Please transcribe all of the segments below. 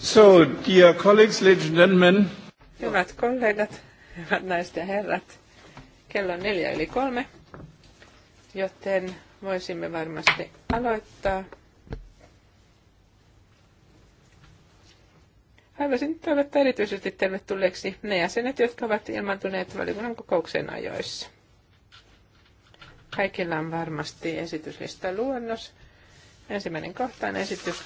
So, dear colleagues, ladies and gentlemen. Hyvät kollegat, hyvät naiset ja herrat, kello on neljä yli kolme, joten voisimme varmasti aloittaa. Haluaisin toivottaa erityisesti tervetulleeksi ne jäsenet, jotka ovat ilmantuneet valiokunnan kokouksen ajoissa. Kaikilla on varmasti esityslista luonnos. Ensimmäinen kohtaan esitys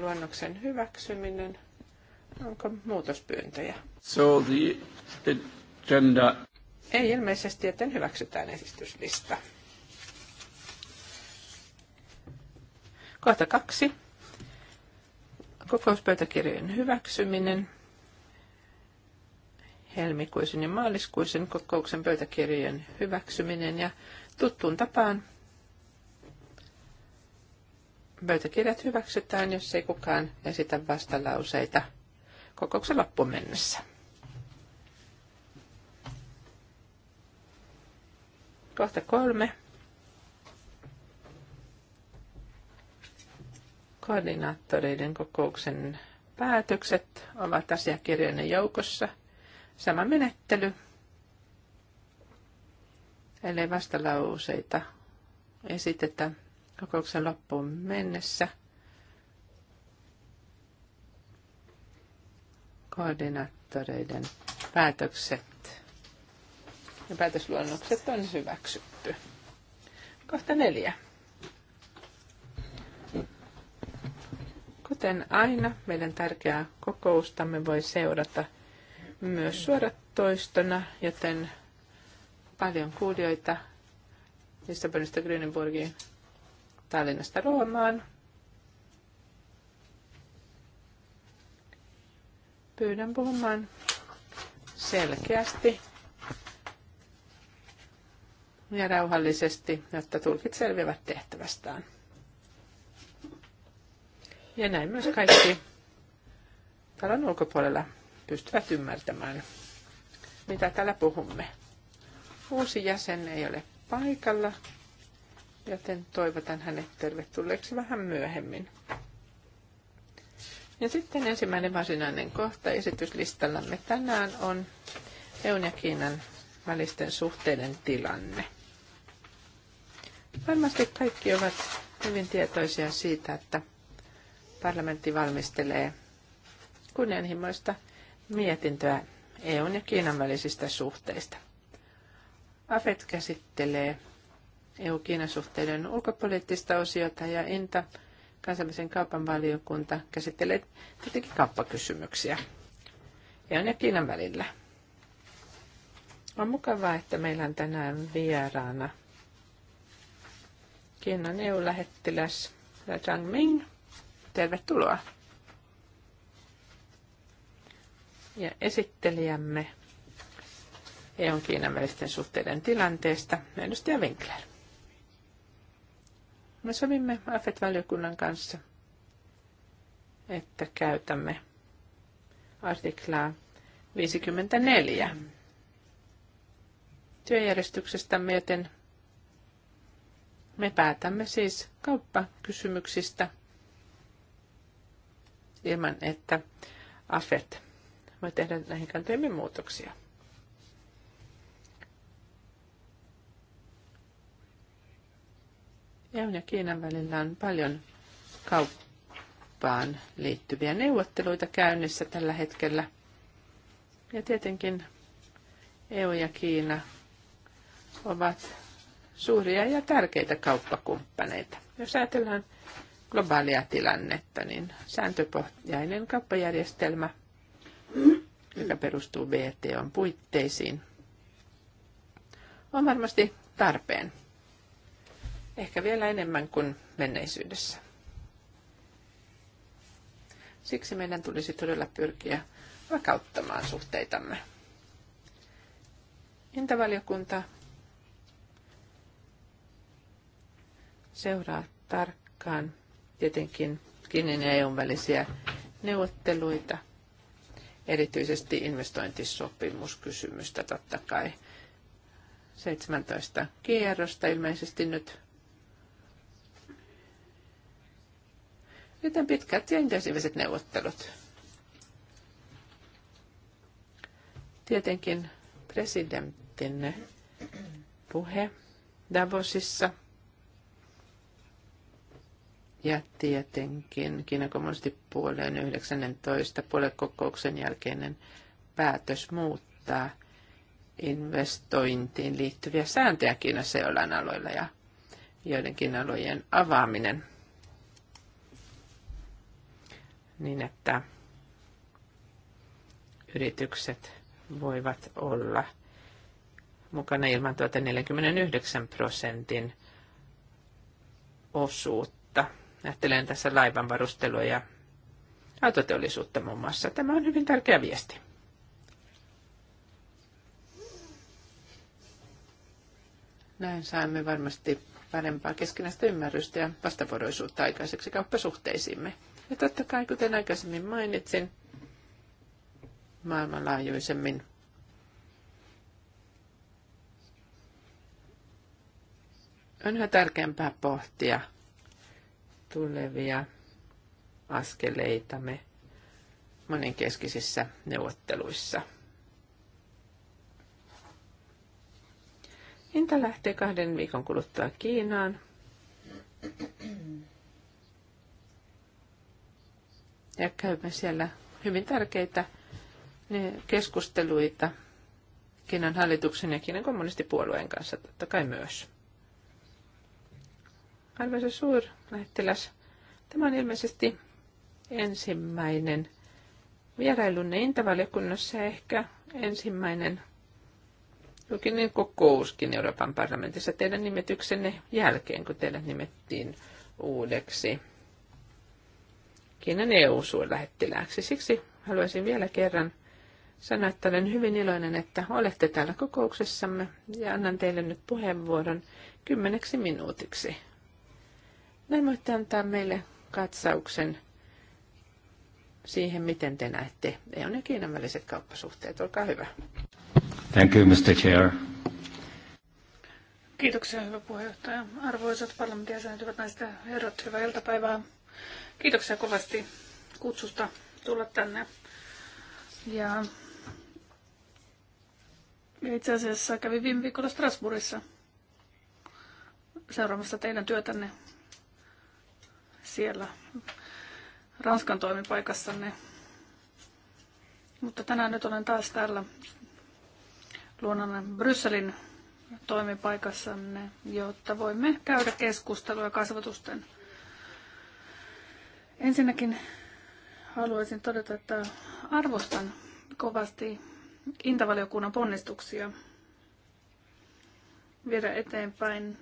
luonnoksen hyväksyminen. Onko muutospyyntöjä? So the, the agenda. Ei ilmeisesti, joten hyväksytään esityslista. Kohta kaksi. Kokouspöytäkirjojen hyväksyminen. Helmikuisen ja maaliskuisen kokouksen pöytäkirjojen hyväksyminen ja tuttuun tapaan Pöytäkirjat hyväksytään, jos ei kukaan esitä vastalauseita kokouksen loppuun mennessä. Kohta kolme. Koordinaattoreiden kokouksen päätökset ovat asiakirjojen joukossa. Sama menettely, ellei vastalauseita esitetään kokouksen loppuun mennessä. Koordinaattoreiden päätökset ja päätösluonnokset on hyväksytty. Kohta neljä. Kuten aina, meidän tärkeää kokoustamme voi seurata myös suoratoistona, joten paljon kuulijoita Lissabonista Grünenburgiin Tallinnasta Roomaan. Pyydän puhumaan selkeästi ja rauhallisesti, jotta tulkit selviävät tehtävästään. Ja näin myös kaikki talon ulkopuolella pystyvät ymmärtämään, mitä täällä puhumme. Uusi jäsen ei ole paikalla, joten toivotan hänet tervetulleeksi vähän myöhemmin. Ja sitten ensimmäinen varsinainen kohta esityslistallamme tänään on EUn ja Kiinan välisten suhteiden tilanne. Varmasti kaikki ovat hyvin tietoisia siitä, että parlamentti valmistelee kunnianhimoista mietintöä EUn ja Kiinan välisistä suhteista. AFET käsittelee EU-Kiinan suhteiden ulkopoliittista osiota ja Inta kansallisen kaupan valiokunta käsittelee tietenkin kauppakysymyksiä EUn ja Kiinan välillä. On mukavaa, että meillä on tänään vieraana Kiinan EU-lähettiläs Zhang Ming. Tervetuloa. Ja esittelijämme eu Kiinan välisten suhteiden tilanteesta, edustaja Winkler. Me sovimme AFET-valiokunnan kanssa, että käytämme artiklaa 54 työjärjestyksestämme, joten me päätämme siis kauppakysymyksistä ilman, että AFET voi tehdä näihin kantoihin muutoksia. EUn ja Kiinan välillä on paljon kauppaan liittyviä neuvotteluita käynnissä tällä hetkellä. Ja tietenkin EU ja Kiina ovat suuria ja tärkeitä kauppakumppaneita. Jos ajatellaan globaalia tilannetta, niin sääntöpohjainen kauppajärjestelmä, joka perustuu VTOn puitteisiin, on varmasti tarpeen ehkä vielä enemmän kuin menneisyydessä. Siksi meidän tulisi todella pyrkiä vakauttamaan suhteitamme. Hintavaliokunta seuraa tarkkaan tietenkin Kiinan ja EUn välisiä neuvotteluita, erityisesti investointisopimuskysymystä totta kai. 17 kierrosta ilmeisesti nyt Joten pitkät ja intensiiviset neuvottelut. Tietenkin presidentin puhe Davosissa ja tietenkin Kiinan kommunistipuolueen 19. puolekokouksen jälkeinen päätös muuttaa investointiin liittyviä sääntöjä Kiinassa jollain aloilla ja joidenkin alojen avaaminen – niin että yritykset voivat olla mukana ilman tuota 49 prosentin osuutta. Ajattelen tässä varustelua ja autoteollisuutta muun muassa. Tämä on hyvin tärkeä viesti. Näin saamme varmasti parempaa keskinäistä ymmärrystä ja vastavuoroisuutta aikaiseksi kauppasuhteisiimme. Ja totta kai, kuten aikaisemmin mainitsin, maailmanlaajuisemmin on yhä tärkeämpää pohtia tulevia askeleitamme monenkeskisissä neuvotteluissa. Inta lähtee kahden viikon kuluttua Kiinaan ja käymme siellä hyvin tärkeitä keskusteluita Kiinan hallituksen ja Kiinan kommunistipuolueen kanssa totta kai myös. Arvoisa suurlähettiläs, tämä on ilmeisesti ensimmäinen vierailunne Intavaliokunnassa ehkä ensimmäinen julkinen kokouskin Euroopan parlamentissa teidän nimetyksenne jälkeen, kun teidät nimettiin uudeksi Kiinan EU-suurlähettilääksi. Siksi haluaisin vielä kerran sanoa, että olen hyvin iloinen, että olette täällä kokouksessamme ja annan teille nyt puheenvuoron kymmeneksi minuutiksi. Näin voitte antaa meille katsauksen siihen, miten te näette EUn ja Kiinan väliset kauppasuhteet. Olkaa hyvä. Thank you, Mr. Chair. Kiitoksia, hyvä puheenjohtaja. Arvoisat parlamentin jäsenet, hyvät naiset ja herrat, hyvää iltapäivää. Kiitoksia kovasti kutsusta tulla tänne. Ja itse asiassa kävin viime viikolla Strasbourgissa seuraamassa teidän työtänne siellä Ranskan toimipaikassanne. Mutta tänään nyt olen taas täällä luonnonne Brysselin toimipaikassanne, jotta voimme käydä keskustelua kasvatusten Ensinnäkin haluaisin todeta, että arvostan kovasti intavaliokunnan ponnistuksia viedä eteenpäin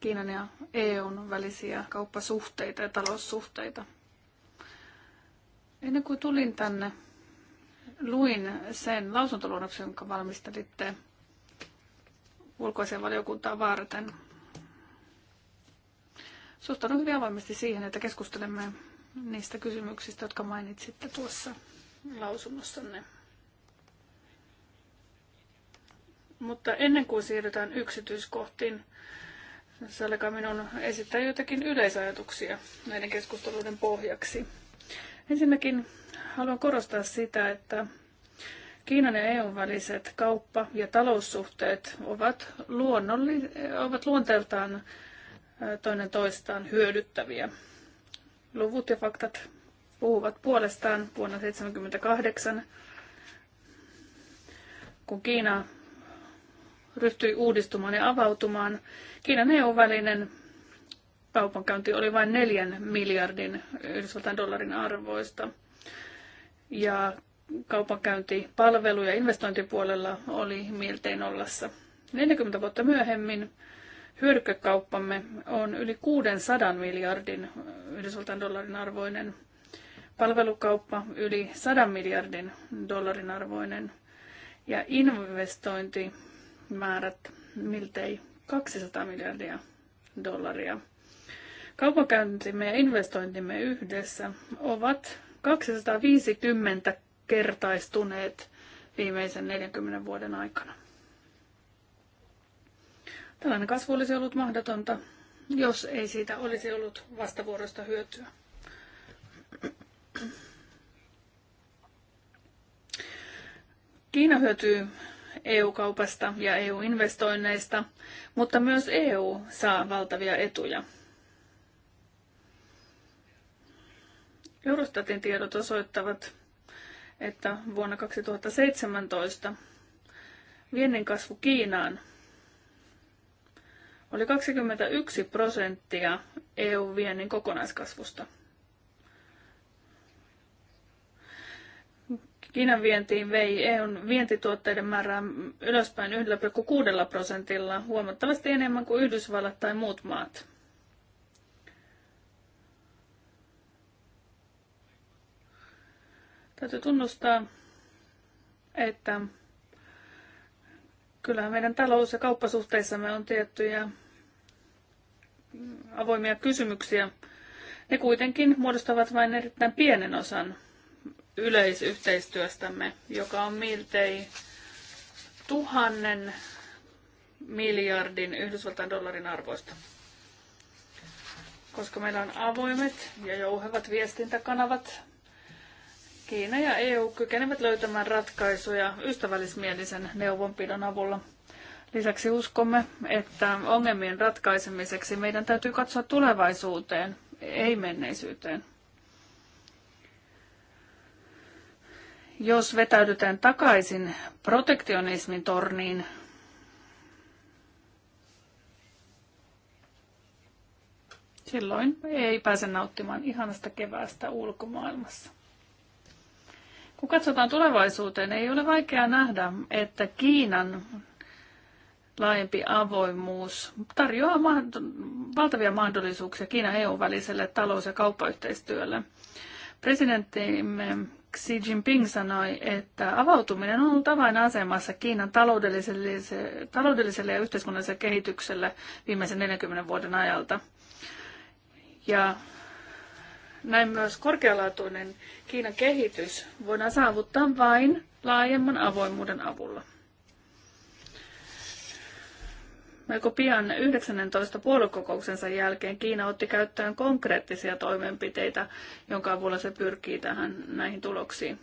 Kiinan ja EUn välisiä kauppasuhteita ja taloussuhteita. Ennen kuin tulin tänne, luin sen lausuntoluonnoksen, jonka valmistelitte ulkoisen valiokuntaa varten. Suhtaudun hyvin avoimesti siihen, että keskustelemme niistä kysymyksistä, jotka mainitsitte tuossa lausunnossanne. Mutta ennen kuin siirrytään yksityiskohtiin, sallikaa minun esittää jotakin yleisajatuksia näiden keskusteluiden pohjaksi. Ensinnäkin haluan korostaa sitä, että Kiinan ja EUn väliset kauppa- ja taloussuhteet ovat, luonnolli- ovat luonteeltaan toinen toistaan hyödyttäviä. Luvut ja faktat puhuvat puolestaan vuonna 1978, kun Kiina ryhtyi uudistumaan ja avautumaan. Kiinan EU-välinen kaupankäynti oli vain neljän miljardin Yhdysvaltain dollarin arvoista. Ja kaupankäynti palvelu- ja investointipuolella oli miltei nollassa. 40 vuotta myöhemmin hyödykekauppamme on yli 600 miljardin Yhdysvaltain dollarin arvoinen, palvelukauppa yli 100 miljardin dollarin arvoinen ja investointimäärät miltei 200 miljardia dollaria. Kaupankäyntimme ja investointimme yhdessä ovat 250 kertaistuneet viimeisen 40 vuoden aikana. Tällainen kasvu olisi ollut mahdotonta, jos ei siitä olisi ollut vastavuoroista hyötyä. Kiina hyötyy EU-kaupasta ja EU-investoinneista, mutta myös EU saa valtavia etuja. Eurostatin tiedot osoittavat, että vuonna 2017 viennin kasvu Kiinaan oli 21 prosenttia EU-viennin kokonaiskasvusta. Kiinan vientiin vei EUn vientituotteiden määrää ylöspäin 1,6 prosentilla, huomattavasti enemmän kuin Yhdysvallat tai muut maat. Täytyy tunnustaa, että Kyllähän meidän talous- ja kauppasuhteissamme on tiettyjä avoimia kysymyksiä. Ne kuitenkin muodostavat vain erittäin pienen osan yleisyhteistyöstämme, joka on miltei tuhannen miljardin Yhdysvaltain dollarin arvoista. Koska meillä on avoimet ja jouhevat viestintäkanavat Kiina ja EU kykenevät löytämään ratkaisuja ystävällismielisen neuvonpidon avulla. Lisäksi uskomme, että ongelmien ratkaisemiseksi meidän täytyy katsoa tulevaisuuteen, ei menneisyyteen. Jos vetäydytään takaisin protektionismin torniin, silloin ei pääse nauttimaan ihanasta keväästä ulkomaailmassa. Kun katsotaan tulevaisuuteen, ei ole vaikea nähdä, että Kiinan laajempi avoimuus tarjoaa valtavia mahdollisuuksia Kiinan EU-väliselle talous- ja kauppayhteistyölle. Presidenttimme Xi Jinping sanoi, että avautuminen on ollut avainasemassa Kiinan taloudelliselle, taloudelliselle ja yhteiskunnalliselle kehitykselle viimeisen 40 vuoden ajalta. Ja näin myös korkealaatuinen Kiinan kehitys voidaan saavuttaa vain laajemman avoimuuden avulla. Melko pian 19 puoluekokouksensa jälkeen Kiina otti käyttöön konkreettisia toimenpiteitä, jonka avulla se pyrkii tähän näihin tuloksiin.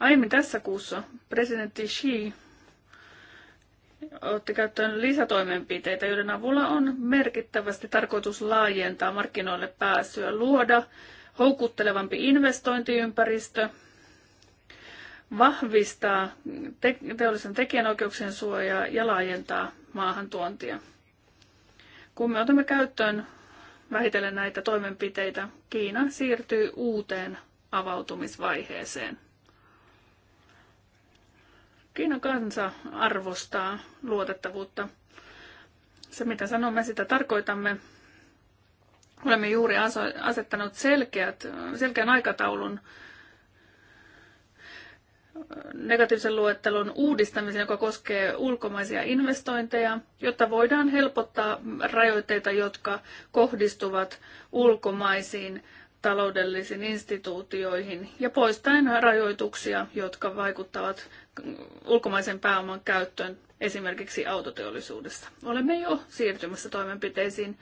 Aiemmin tässä kuussa presidentti Xi olette käyttöön lisätoimenpiteitä, joiden avulla on merkittävästi tarkoitus laajentaa markkinoille pääsyä, luoda houkuttelevampi investointiympäristö, vahvistaa te- teollisen tekijänoikeuksien suojaa ja laajentaa maahantuontia. Kun me otamme käyttöön vähitellen näitä toimenpiteitä, Kiina siirtyy uuteen avautumisvaiheeseen. Kiinan kansa arvostaa luotettavuutta. Se, mitä sanomme, sitä tarkoitamme. Olemme juuri asettanut selkeät, selkeän aikataulun negatiivisen luettelon uudistamisen, joka koskee ulkomaisia investointeja, jotta voidaan helpottaa rajoitteita, jotka kohdistuvat ulkomaisiin taloudellisiin instituutioihin ja poistaen rajoituksia, jotka vaikuttavat ulkomaisen pääoman käyttöön esimerkiksi autoteollisuudessa. Olemme jo siirtymässä toimenpiteisiin.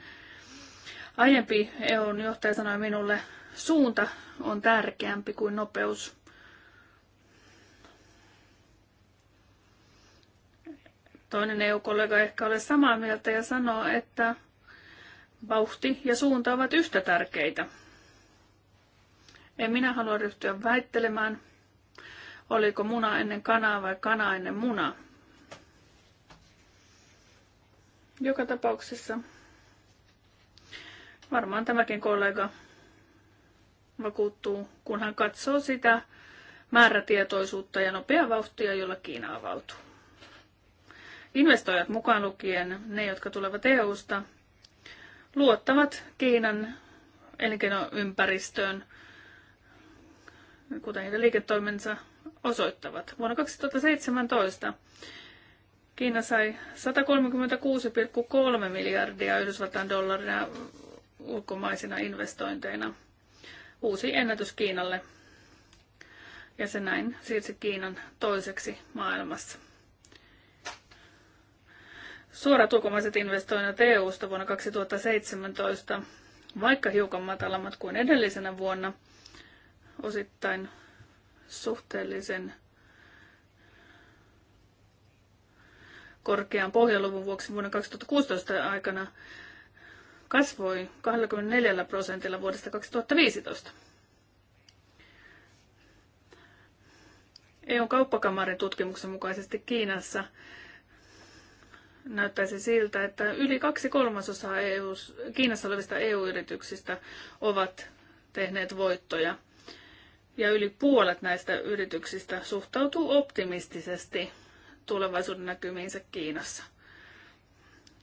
Aiempi EUn johtaja sanoi minulle, suunta on tärkeämpi kuin nopeus. Toinen EU-kollega ehkä ole samaa mieltä ja sanoo, että vauhti ja suunta ovat yhtä tärkeitä. En minä halua ryhtyä väittelemään, oliko muna ennen kanaa vai kana ennen muna. Joka tapauksessa varmaan tämäkin kollega vakuuttuu, kun hän katsoo sitä määrätietoisuutta ja nopea vauhtia, jolla Kiina avautuu. Investoijat mukaan lukien, ne jotka tulevat EU-sta, luottavat Kiinan elinkeinoympäristöön, kuten heidän liiketoimensa osoittavat. Vuonna 2017 Kiina sai 136,3 miljardia Yhdysvaltain dollaria ulkomaisina investointeina. Uusi ennätys Kiinalle. Ja se näin siirsi Kiinan toiseksi maailmassa. Suorat ulkomaiset investoinnit EU-sta vuonna 2017, vaikka hiukan matalammat kuin edellisenä vuonna, osittain suhteellisen korkean pohjaluvun vuoksi vuonna 2016 aikana kasvoi 24 prosentilla vuodesta 2015. EUn kauppakamarin tutkimuksen mukaisesti Kiinassa näyttäisi siltä, että yli kaksi kolmasosaa EU, Kiinassa olevista EU-yrityksistä ovat tehneet voittoja – ja yli puolet näistä yrityksistä suhtautuu optimistisesti tulevaisuuden näkymiinsä Kiinassa.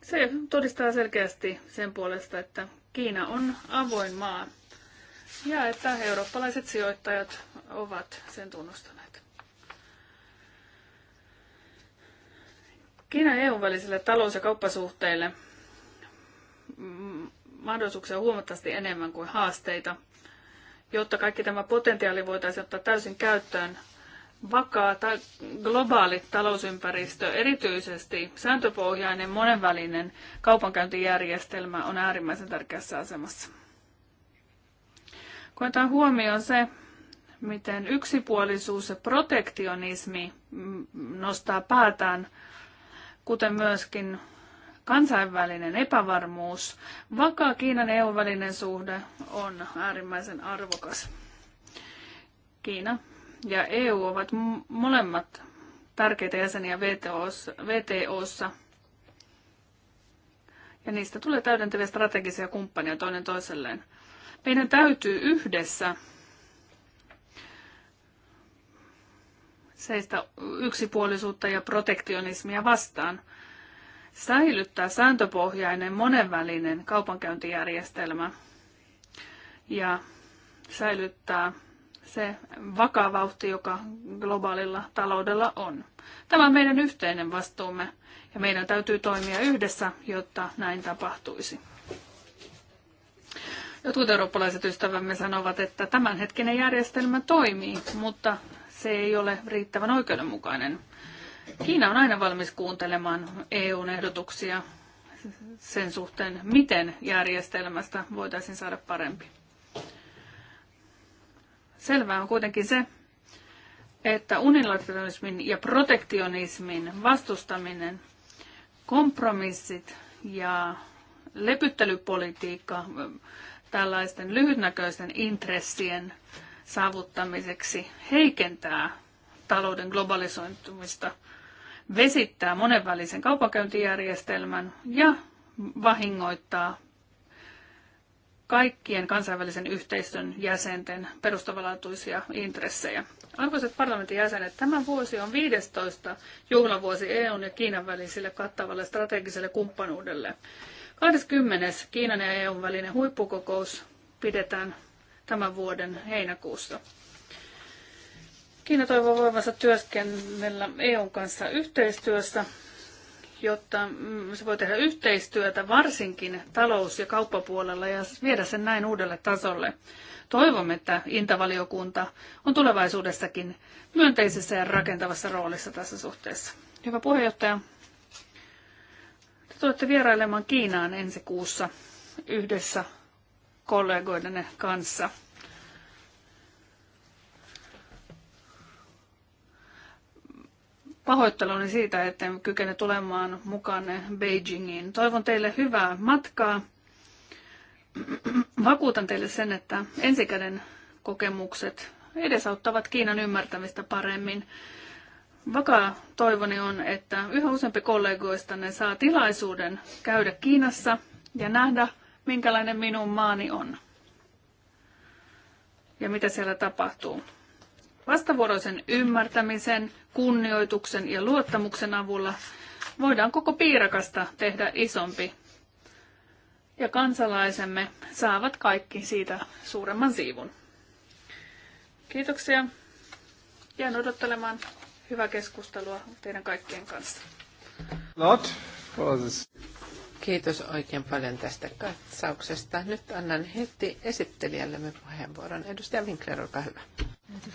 Se todistaa selkeästi sen puolesta, että Kiina on avoin maa ja että eurooppalaiset sijoittajat ovat sen tunnustaneet. Kiinan ja EUn välisille talous- ja kauppasuhteille mahdollisuuksia huomattavasti enemmän kuin haasteita – jotta kaikki tämä potentiaali voitaisiin ottaa täysin käyttöön. Vakaa ta- globaali talousympäristö, erityisesti sääntöpohjainen monenvälinen kaupankäyntijärjestelmä on äärimmäisen tärkeässä asemassa. Koetaan huomioon se, miten yksipuolisuus ja protektionismi mm, nostaa päätään, kuten myöskin kansainvälinen epävarmuus, vakaa Kiinan ja EU-välinen suhde on äärimmäisen arvokas. Kiina ja EU ovat molemmat tärkeitä jäseniä VTOssa, VTOssa ja niistä tulee täydentäviä strategisia kumppania toinen toiselleen. Meidän täytyy yhdessä seistä yksipuolisuutta ja protektionismia vastaan – säilyttää sääntöpohjainen monenvälinen kaupankäyntijärjestelmä ja säilyttää se vakaa vauhti, joka globaalilla taloudella on. Tämä on meidän yhteinen vastuumme ja meidän täytyy toimia yhdessä, jotta näin tapahtuisi. Jotkut eurooppalaiset ystävämme sanovat, että tämänhetkinen järjestelmä toimii, mutta se ei ole riittävän oikeudenmukainen. Kiina on aina valmis kuuntelemaan EUn ehdotuksia sen suhteen, miten järjestelmästä voitaisiin saada parempi. Selvää on kuitenkin se, että unilateralismin ja protektionismin vastustaminen, kompromissit ja lepyttelypolitiikka tällaisten lyhytnäköisten intressien saavuttamiseksi heikentää talouden globalisoitumista – vesittää monenvälisen kaupankäyntijärjestelmän ja vahingoittaa kaikkien kansainvälisen yhteistyön jäsenten perustavanlaatuisia intressejä. Arvoisat parlamentin jäsenet, tämä vuosi on 15 juhlavuosi EUn ja Kiinan välisille kattavalle strategiselle kumppanuudelle. 20. Kiinan ja EUn välinen huippukokous pidetään tämän vuoden heinäkuussa. Kiina toivoo voivansa työskennellä EUn kanssa yhteistyössä, jotta mm, se voi tehdä yhteistyötä varsinkin talous- ja kauppapuolella ja viedä sen näin uudelle tasolle. Toivomme, että Intavaliokunta on tulevaisuudessakin myönteisessä ja rakentavassa roolissa tässä suhteessa. Hyvä puheenjohtaja, te tulette vierailemaan Kiinaan ensi kuussa yhdessä kollegoidenne kanssa – pahoitteluni siitä, että kykene tulemaan mukaan Beijingiin. Toivon teille hyvää matkaa. Vakuutan teille sen, että ensikäden kokemukset edesauttavat Kiinan ymmärtämistä paremmin. Vakaa toivoni on, että yhä useampi kollegoistanne saa tilaisuuden käydä Kiinassa ja nähdä, minkälainen minun maani on ja mitä siellä tapahtuu. Vastavuoroisen ymmärtämisen, kunnioituksen ja luottamuksen avulla voidaan koko piirakasta tehdä isompi. Ja kansalaisemme saavat kaikki siitä suuremman siivun. Kiitoksia. Jään odottelemaan hyvää keskustelua teidän kaikkien kanssa. Not Kiitos oikein paljon tästä katsauksesta. Nyt annan heti esittelijällemme puheenvuoron. Edustaja Winkler, olkaa hyvä.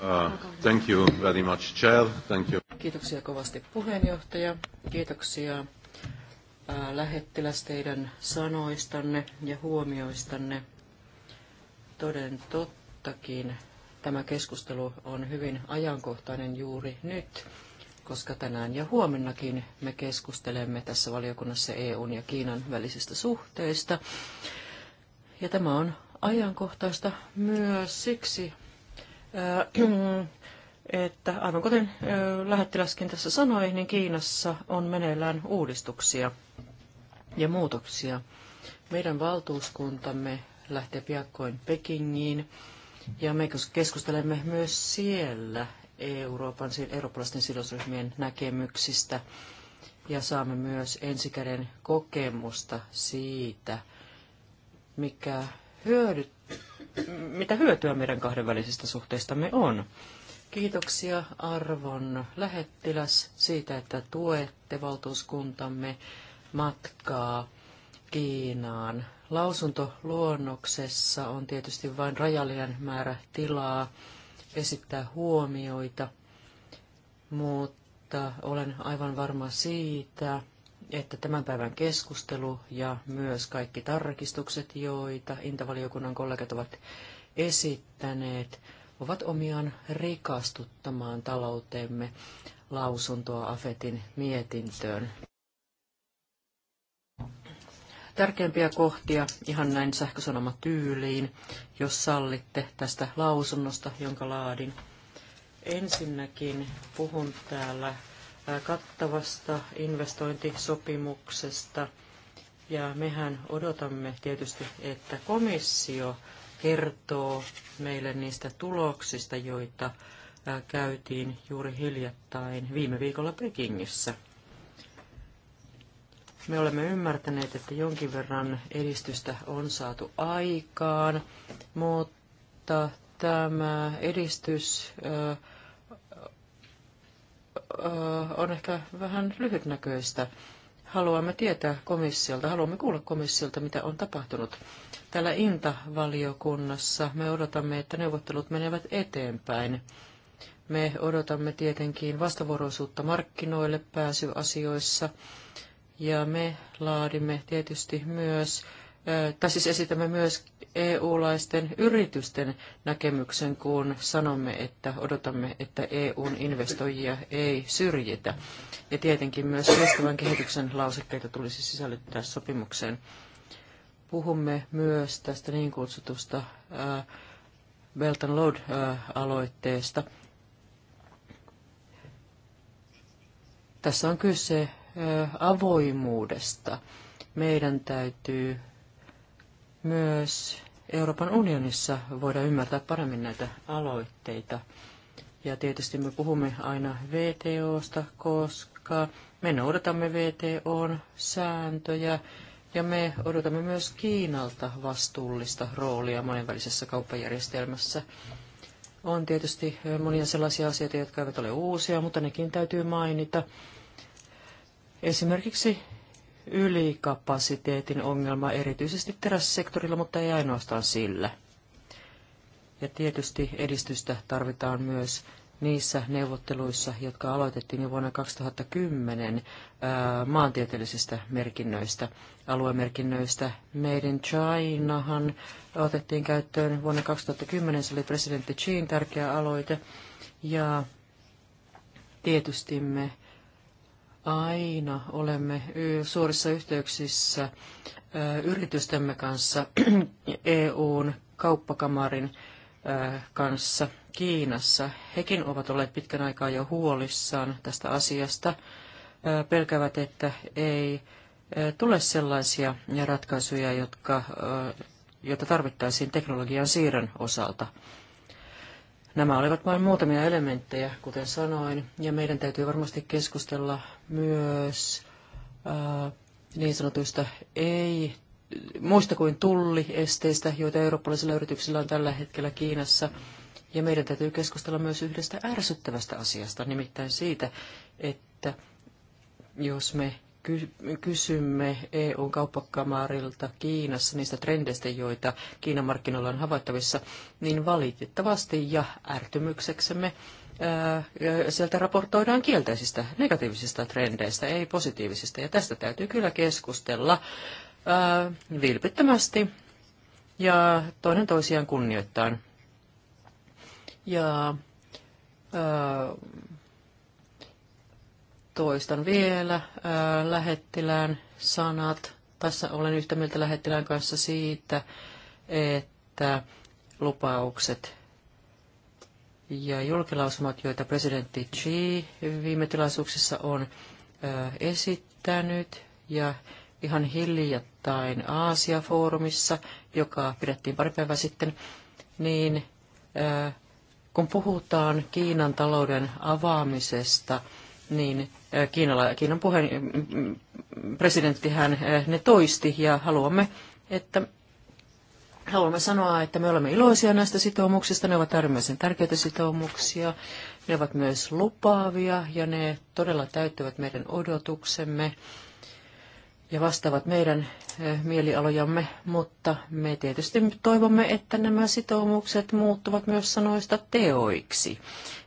Ah, thank you very much, Chair. Thank you. Kiitoksia kovasti puheenjohtaja. Kiitoksia ah, lähettiläs teidän sanoistanne ja huomioistanne. Toden tottakin tämä keskustelu on hyvin ajankohtainen juuri nyt, koska tänään ja huomennakin me keskustelemme tässä valiokunnassa EUn ja Kiinan välisistä suhteista. Ja tämä on ajankohtaista myös siksi, että aivan kuten lähettiläskin tässä sanoi, niin Kiinassa on meneillään uudistuksia ja muutoksia. Meidän valtuuskuntamme lähtee piakkoin Pekingiin ja me keskustelemme myös siellä Euroopan, eurooppalaisten sidosryhmien näkemyksistä ja saamme myös ensikäden kokemusta siitä, mikä hyödyt mitä hyötyä meidän kahdenvälisistä suhteistamme on. Kiitoksia arvon lähettiläs siitä, että tuette valtuuskuntamme matkaa Kiinaan. Lausuntoluonnoksessa on tietysti vain rajallinen määrä tilaa esittää huomioita, mutta olen aivan varma siitä, että tämän päivän keskustelu ja myös kaikki tarkistukset, joita intavaliokunnan kollegat ovat esittäneet, ovat omiaan rikastuttamaan talouteemme lausuntoa AFETin mietintöön. Tärkeimpiä kohtia ihan näin sähkösanomatyyliin, jos sallitte tästä lausunnosta, jonka laadin. Ensinnäkin puhun täällä kattavasta investointisopimuksesta. Ja mehän odotamme tietysti, että komissio kertoo meille niistä tuloksista, joita käytiin juuri hiljattain viime viikolla Pekingissä. Me olemme ymmärtäneet, että jonkin verran edistystä on saatu aikaan, mutta tämä edistys on ehkä vähän lyhytnäköistä. Haluamme tietää komissiolta, haluamme kuulla komissiolta, mitä on tapahtunut. Täällä Inta-valiokunnassa me odotamme, että neuvottelut menevät eteenpäin. Me odotamme tietenkin vastavuoroisuutta markkinoille pääsyasioissa ja me laadimme tietysti myös tai siis esitämme myös EU-laisten yritysten näkemyksen, kun sanomme, että odotamme, että EUn investoijia ei syrjitä. Ja tietenkin myös kestävän kehityksen lausekkeita tulisi sisällyttää sopimukseen. Puhumme myös tästä niin kutsutusta Belt and Load-aloitteesta. Tässä on kyse avoimuudesta. Meidän täytyy myös Euroopan unionissa voida ymmärtää paremmin näitä aloitteita. Ja tietysti me puhumme aina VTOsta, koska me noudatamme VTOn sääntöjä ja me odotamme myös Kiinalta vastuullista roolia monenvälisessä kauppajärjestelmässä. On tietysti monia sellaisia asioita, jotka eivät ole uusia, mutta nekin täytyy mainita. Esimerkiksi ylikapasiteetin ongelma erityisesti terässektorilla, mutta ei ainoastaan sillä. Ja tietysti edistystä tarvitaan myös niissä neuvotteluissa, jotka aloitettiin jo vuonna 2010 ää, maantieteellisistä merkinnöistä, aluemerkinnöistä. Made in Chinahan otettiin käyttöön vuonna 2010, se oli presidentti Chiin tärkeä aloite, ja tietysti me aina olemme suorissa yhteyksissä yritystemme kanssa, EUn e kauppakamarin kanssa Kiinassa. Hekin ovat olleet pitkän aikaa jo huolissaan tästä asiasta. Pelkävät, että ei tule sellaisia ratkaisuja, jotka, joita tarvittaisiin teknologian siirron osalta. Nämä olivat vain muutamia elementtejä, kuten sanoin, ja meidän täytyy varmasti keskustella myös äh, niin sanotuista ei muista kuin tulliesteistä, joita eurooppalaisilla yrityksillä on tällä hetkellä Kiinassa. Ja meidän täytyy keskustella myös yhdestä ärsyttävästä asiasta, nimittäin siitä, että jos me kysymme EUn kauppakamarilta Kiinassa niistä trendeistä, joita Kiinan markkinoilla on havaittavissa, niin valitettavasti ja ärtymykseksemme sieltä raportoidaan kielteisistä, negatiivisista trendeistä, ei positiivisista. Ja tästä täytyy kyllä keskustella vilpittömästi ja toinen toisiaan kunnioittain. Ja toistan vielä ää, lähettilään sanat. Tässä olen yhtä mieltä lähettilään kanssa siitä, että lupaukset ja julkilausumat, joita presidentti Xi viime tilaisuuksissa on ää, esittänyt ja ihan hiljattain Aasia-foorumissa, joka pidettiin pari päivää sitten, niin ää, kun puhutaan Kiinan talouden avaamisesta – niin Kiinala, Kiinan puheen, mm, presidenttihän ne toisti ja haluamme, että haluamme sanoa, että me olemme iloisia näistä sitoumuksista. Ne ovat äärimmäisen tärkeitä sitoumuksia. Ne ovat myös lupaavia ja ne todella täyttävät meidän odotuksemme ja vastaavat meidän mielialojamme, mutta me tietysti toivomme, että nämä sitoumukset muuttuvat myös sanoista teoiksi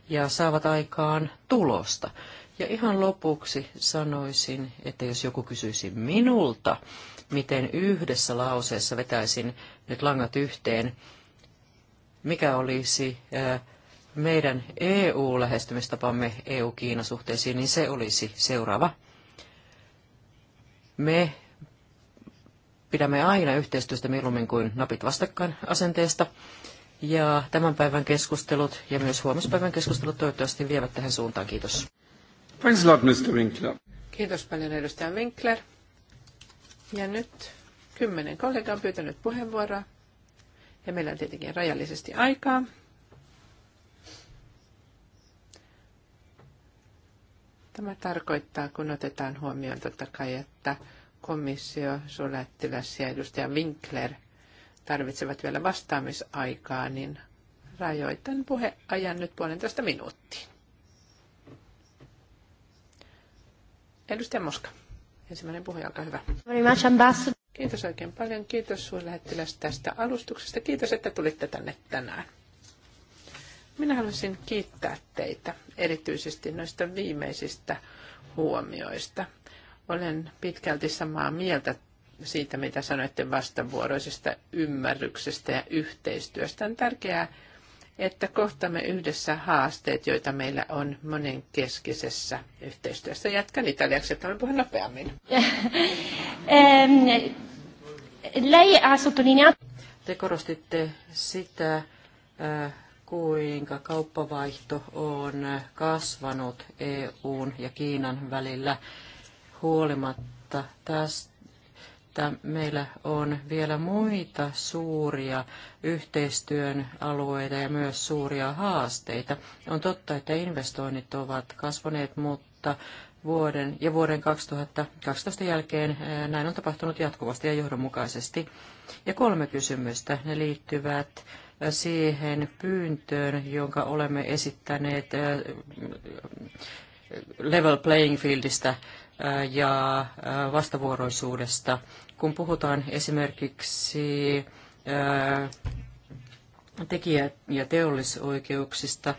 ja saavat aikaan tulosta. Ja ihan lopuksi sanoisin, että jos joku kysyisi minulta, miten yhdessä lauseessa vetäisin nyt langat yhteen, mikä olisi meidän EU-lähestymistapamme EU-Kiina-suhteisiin, niin se olisi seuraava. Me pidämme aina yhteistyöstä mieluummin kuin napit vastakkain asenteesta. Ja tämän päivän keskustelut ja myös huomispäivän keskustelut toivottavasti vievät tähän suuntaan. Kiitos. Mr. Winkler. Kiitos paljon edustaja Winkler. Ja nyt kymmenen kollegaa on pyytänyt puheenvuoroa. Ja meillä on tietenkin rajallisesti aikaa. Tämä tarkoittaa, kun otetaan huomioon totta kai, että komissio, sulättiläs ja edustaja Winkler tarvitsevat vielä vastaamisaikaa, niin rajoitan puheajan nyt puolentoista minuuttiin. Edustaja Moska, ensimmäinen puhuja, olkaa hyvä. Kiitos oikein paljon. Kiitos suurlähettiläs tästä alustuksesta. Kiitos, että tulitte tänne tänään. Minä haluaisin kiittää teitä erityisesti noista viimeisistä huomioista. Olen pitkälti samaa mieltä siitä, mitä sanoitte vastavuoroisesta ymmärryksestä ja yhteistyöstä. On tärkeää että kohtamme yhdessä haasteet, joita meillä on monenkeskisessä yhteistyössä. Jatkan italiaksi, että voin puhun nopeammin. Lei ha sottolineato... Te korostitte sitä, äh, kuinka kauppavaihto on kasvanut EUn ja Kiinan välillä huolimatta tästä että meillä on vielä muita suuria yhteistyön alueita ja myös suuria haasteita. On totta, että investoinnit ovat kasvaneet, mutta vuoden ja vuoden 2012 jälkeen näin on tapahtunut jatkuvasti ja johdonmukaisesti. Ja kolme kysymystä. Ne liittyvät siihen pyyntöön, jonka olemme esittäneet level playing fieldistä Äh, ja äh, vastavuoroisuudesta. Kun puhutaan esimerkiksi äh, tekijä- ja teollisoikeuksista,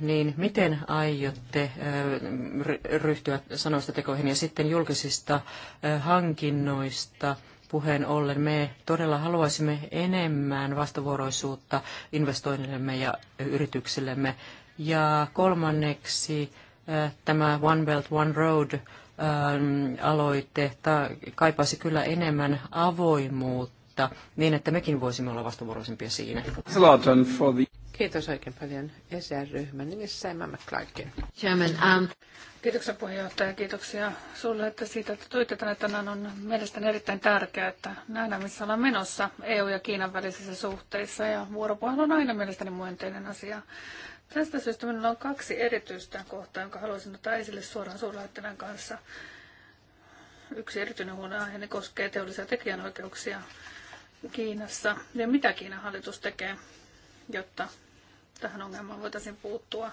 niin miten aiotte ryhtyä sanoista tekoihin ja sitten julkisista hankinnoista puheen ollen? Me todella haluaisimme enemmän vastavuoroisuutta investoinnillemme ja yrityksillemme. Ja kolmanneksi tämä One Belt, One Road Ähm, aloite kaipaisi kyllä enemmän avoimuutta niin, että mekin voisimme olla vastavuoroisempia siinä. Kiitos oikein paljon ESR-ryhmän nimissä Emma McClarkin. Chairman, um... Kiitoksia puheenjohtaja, kiitoksia sinulle että siitä, että tuitte tänne tänään. On mielestäni erittäin tärkeää, että nähdään missä ollaan menossa EU- ja Kiinan välisissä suhteissa ja vuoropuhelu on aina mielestäni myönteinen asia. Tästä syystä minulla on kaksi erityistä kohtaa, jonka haluaisin ottaa esille suoraan suurlähettilän kanssa. Yksi erityinen huolenaiheeni koskee teollisia tekijänoikeuksia Kiinassa ja mitä Kiinan hallitus tekee, jotta tähän ongelmaan voitaisiin puuttua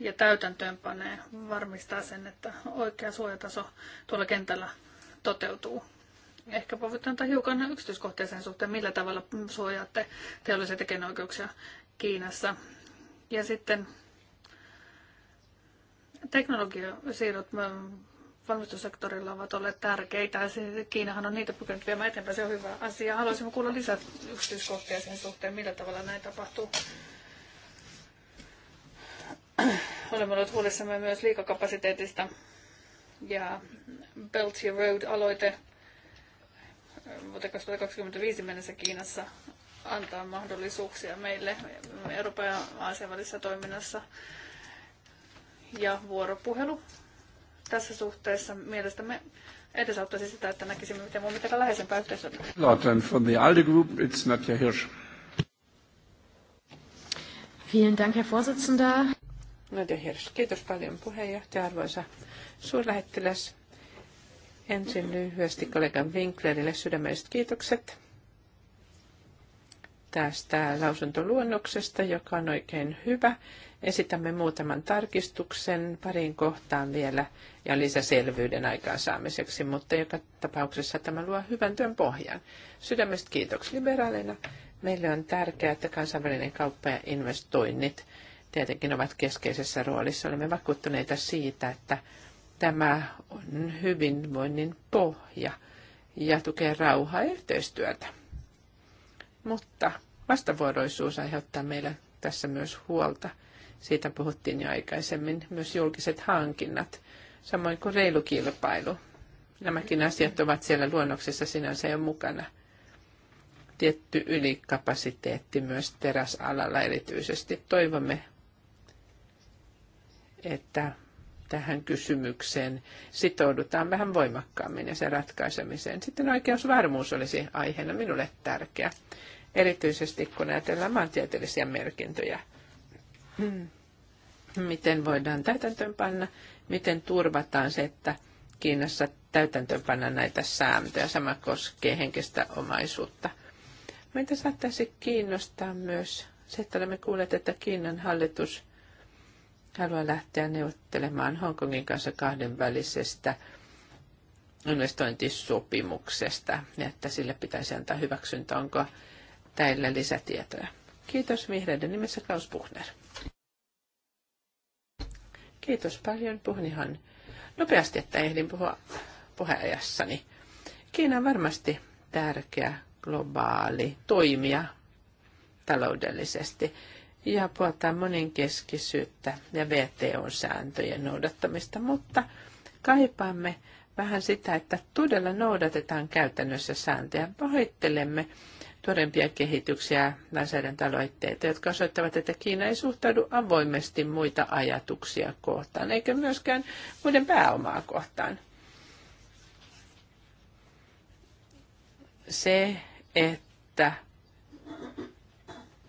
ja täytäntöönpanee varmistaa sen, että oikea suojataso tuolla kentällä toteutuu. Ehkä voitte antaa hiukan yksityiskohtia sen suhteen, millä tavalla suojaatte teollisia tekijänoikeuksia Kiinassa ja sitten teknologiasiirrot valmistussektorilla ovat olleet tärkeitä. Kiinahan on niitä pukenut viemään eteenpäin, se on hyvä asia. Haluaisimme kuulla lisää yksityiskohtia sen suhteen, millä tavalla näin tapahtuu. Olemme olleet huolissamme myös liikakapasiteetista ja Belt Road-aloite vuoteen 2025 mennessä Kiinassa antaa mahdollisuuksia meille Euroopan ja Aasian välisessä toiminnassa. Ja vuoropuhelu tässä suhteessa mielestämme edesauttaisi sitä, että näkisimme, miten voimme tehdä läheisempää yhteistyötä. Lauten from the ALDE Group, it's Nadja Hirsch. Vielen Dank, Herr Vorsitzender. Nadja Hirsch, kiitos paljon puheenjohtaja, arvoisa suurlähettiläs. Ensin lyhyesti kollegan Winklerille sydämelliset kiitokset tästä lausuntoluonnoksesta, joka on oikein hyvä. Esitämme muutaman tarkistuksen pariin kohtaan vielä ja lisäselvyyden aikaansaamiseksi, mutta joka tapauksessa tämä luo hyvän työn pohjan. Sydämestä kiitoksi liberaaleina. Meille on tärkeää, että kansainvälinen kauppa ja investoinnit tietenkin ovat keskeisessä roolissa. Olemme vakuuttuneita siitä, että tämä on hyvinvoinnin pohja ja tukee rauhaa ja yhteistyötä. Mutta vastavuoroisuus aiheuttaa meillä tässä myös huolta. Siitä puhuttiin jo aikaisemmin. Myös julkiset hankinnat, samoin kuin reilu kilpailu. Nämäkin asiat ovat siellä luonnoksessa sinänsä jo mukana. Tietty ylikapasiteetti myös teräsalalla erityisesti. Toivomme, että tähän kysymykseen sitoudutaan vähän voimakkaammin ja sen ratkaisemiseen. Sitten oikeusvarmuus olisi aiheena minulle tärkeä erityisesti kun ajatellaan maantieteellisiä merkintöjä. Hmm. Miten voidaan täytäntöönpanna, miten turvataan se, että Kiinassa täytäntöönpanna näitä sääntöjä. Sama koskee henkistä omaisuutta. Meitä saattaisi kiinnostaa myös se, että olemme kuulleet, että Kiinan hallitus haluaa lähteä neuvottelemaan Hongkongin kanssa kahdenvälisestä investointisopimuksesta, ja että sille pitäisi antaa hyväksyntä. Onko Täällä lisätietoja. Kiitos vihreiden nimessä Klaus Buchner. Kiitos paljon. Puhun ihan nopeasti, että ehdin puhua puheajassani. Kiina on varmasti tärkeä globaali toimija taloudellisesti ja puoltaa monenkeskisyyttä ja VTO-sääntöjen noudattamista, mutta kaipaamme vähän sitä, että todella noudatetaan käytännössä sääntöjä. Pahoittelemme, tuorempia kehityksiä lainsäädäntöaloitteita, jotka osoittavat, että Kiina ei suhtaudu avoimesti muita ajatuksia kohtaan, eikä myöskään muiden pääomaa kohtaan. Se, että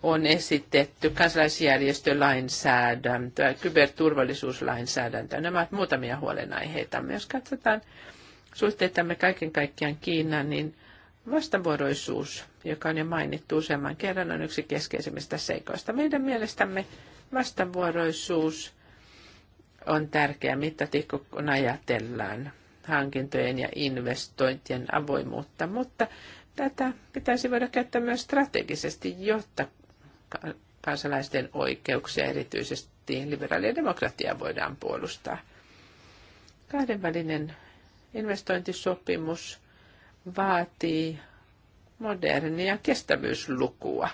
on esitetty ja kyberturvallisuuslainsäädäntö. Nämä ovat muutamia huolenaiheita. Myös katsotaan suhteitamme kaiken kaikkiaan Kiinaan, niin – Vastavuoroisuus, joka on jo mainittu useamman kerran, on yksi keskeisimmistä seikoista. Meidän mielestämme vastavuoroisuus on tärkeä mittatikko, kun ajatellaan hankintojen ja investointien avoimuutta, mutta tätä pitäisi voida käyttää myös strategisesti, jotta kansalaisten oikeuksia, erityisesti liberaalia demokratiaa, voidaan puolustaa. Kahdenvälinen investointisopimus vaatii modernia kestävyyslukua.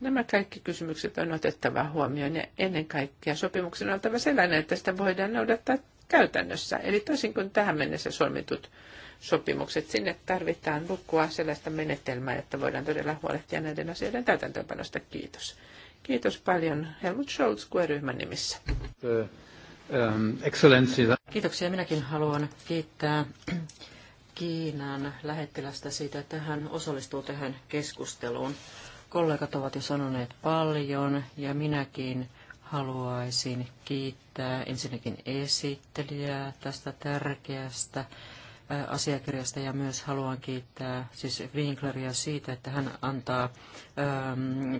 Nämä kaikki kysymykset on otettava huomioon ja ennen kaikkea sopimuksen on oltava sellainen, että sitä voidaan noudattaa käytännössä. Eli toisin kuin tähän mennessä solmitut sopimukset, sinne tarvitaan lukua sellaista menetelmää, että voidaan todella huolehtia näiden asioiden täytäntöönpanosta. Kiitos. Kiitos paljon Helmut Scholz QE-ryhmän nimissä. Äh, ähm, Kiitoksia. Minäkin haluan kiittää Kiinan lähettilästä siitä, että hän osallistuu tähän keskusteluun. Kollegat ovat jo sanoneet paljon ja minäkin haluaisin kiittää ensinnäkin esittelijää tästä tärkeästä äh, asiakirjasta ja myös haluan kiittää siis Winkleria siitä, että hän antaa ähm,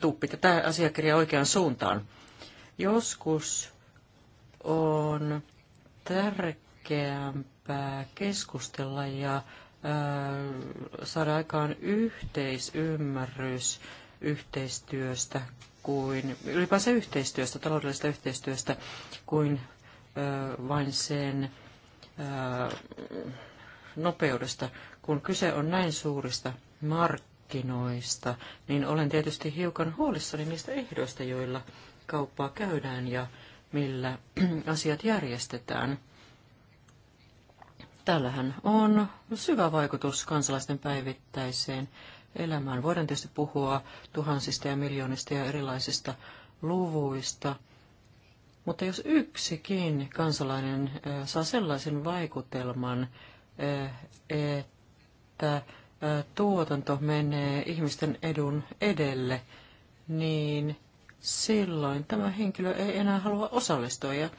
tuppi tätä asiakirjaa oikeaan suuntaan. Joskus on tärkeää, tärkeämpää keskustella ja saada aikaan yhteisymmärrys yhteistyöstä kuin, ylipäänsä yhteistyöstä, taloudellisesta yhteistyöstä, kuin ö, vain sen nopeudesta. Kun kyse on näin suurista markkinoista, niin olen tietysti hiukan huolissani niistä ehdoista, joilla kauppaa käydään ja millä asiat järjestetään. Tällähän on syvä vaikutus kansalaisten päivittäiseen elämään. Voidaan tietysti puhua tuhansista ja miljoonista ja erilaisista luvuista, mutta jos yksikin kansalainen saa sellaisen vaikutelman, että tuotanto menee ihmisten edun edelle, niin silloin tämä henkilö ei enää halua osallistua. Ja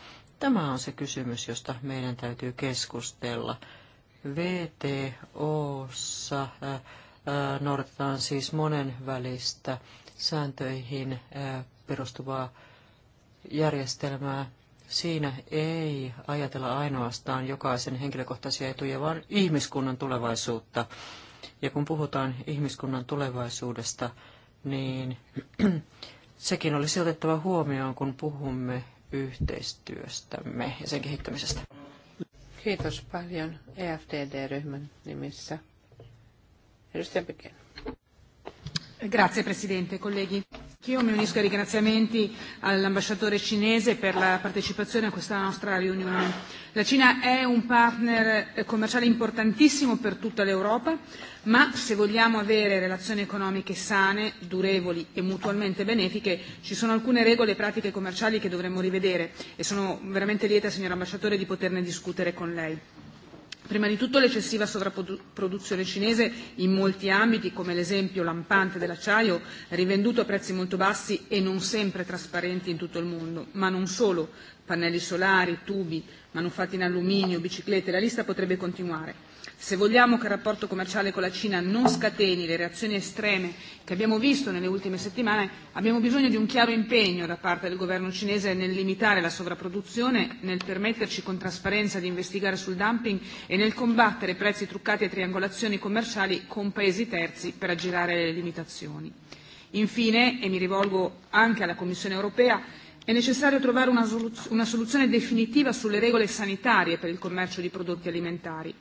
Tämä on se kysymys, josta meidän täytyy keskustella. VTOssa äh, äh, noudatetaan siis monenvälistä sääntöihin äh, perustuvaa järjestelmää. Siinä ei ajatella ainoastaan jokaisen henkilökohtaisia etuja, vaan ihmiskunnan tulevaisuutta. Ja kun puhutaan ihmiskunnan tulevaisuudesta, niin sekin olisi otettava huomioon, kun puhumme yhteistyöstämme ja sen kehittämisestä. Kiitos paljon eftd ryhmän nimissä. Edustaja Pekin. Grazie Presidente, colleghi. Io mi unisco ai ringraziamenti all'ambasciatore cinese per la partecipazione a questa nostra riunione. La Cina è un partner eh, commerciale importantissimo per tutta l'Europa, ma se vogliamo avere relazioni economiche sane, durevoli e mutualmente benefiche, ci sono alcune regole e pratiche commerciali che dovremmo rivedere e sono veramente lieta, signor ambasciatore, di poterne discutere con lei. Prima di tutto l'eccessiva sovrapproduzione cinese in molti ambiti, come l'esempio lampante dell'acciaio, rivenduto a prezzi molto bassi e non sempre trasparenti in tutto il mondo, ma non solo pannelli solari, tubi, manufatti in alluminio, biciclette, la lista potrebbe continuare. Se vogliamo che il rapporto commerciale con la Cina non scateni le reazioni estreme che abbiamo visto nelle ultime settimane, abbiamo bisogno di un chiaro impegno da parte del governo cinese nel limitare la sovrapproduzione, nel permetterci con trasparenza di investigare sul dumping e nel combattere prezzi truccati e triangolazioni commerciali con paesi terzi per aggirare le limitazioni. Infine, e mi rivolgo anche alla Commissione europea, È necessario trovare una, soluzione definitiva sulle regole sanitarie per il commercio di prodotti alimentari.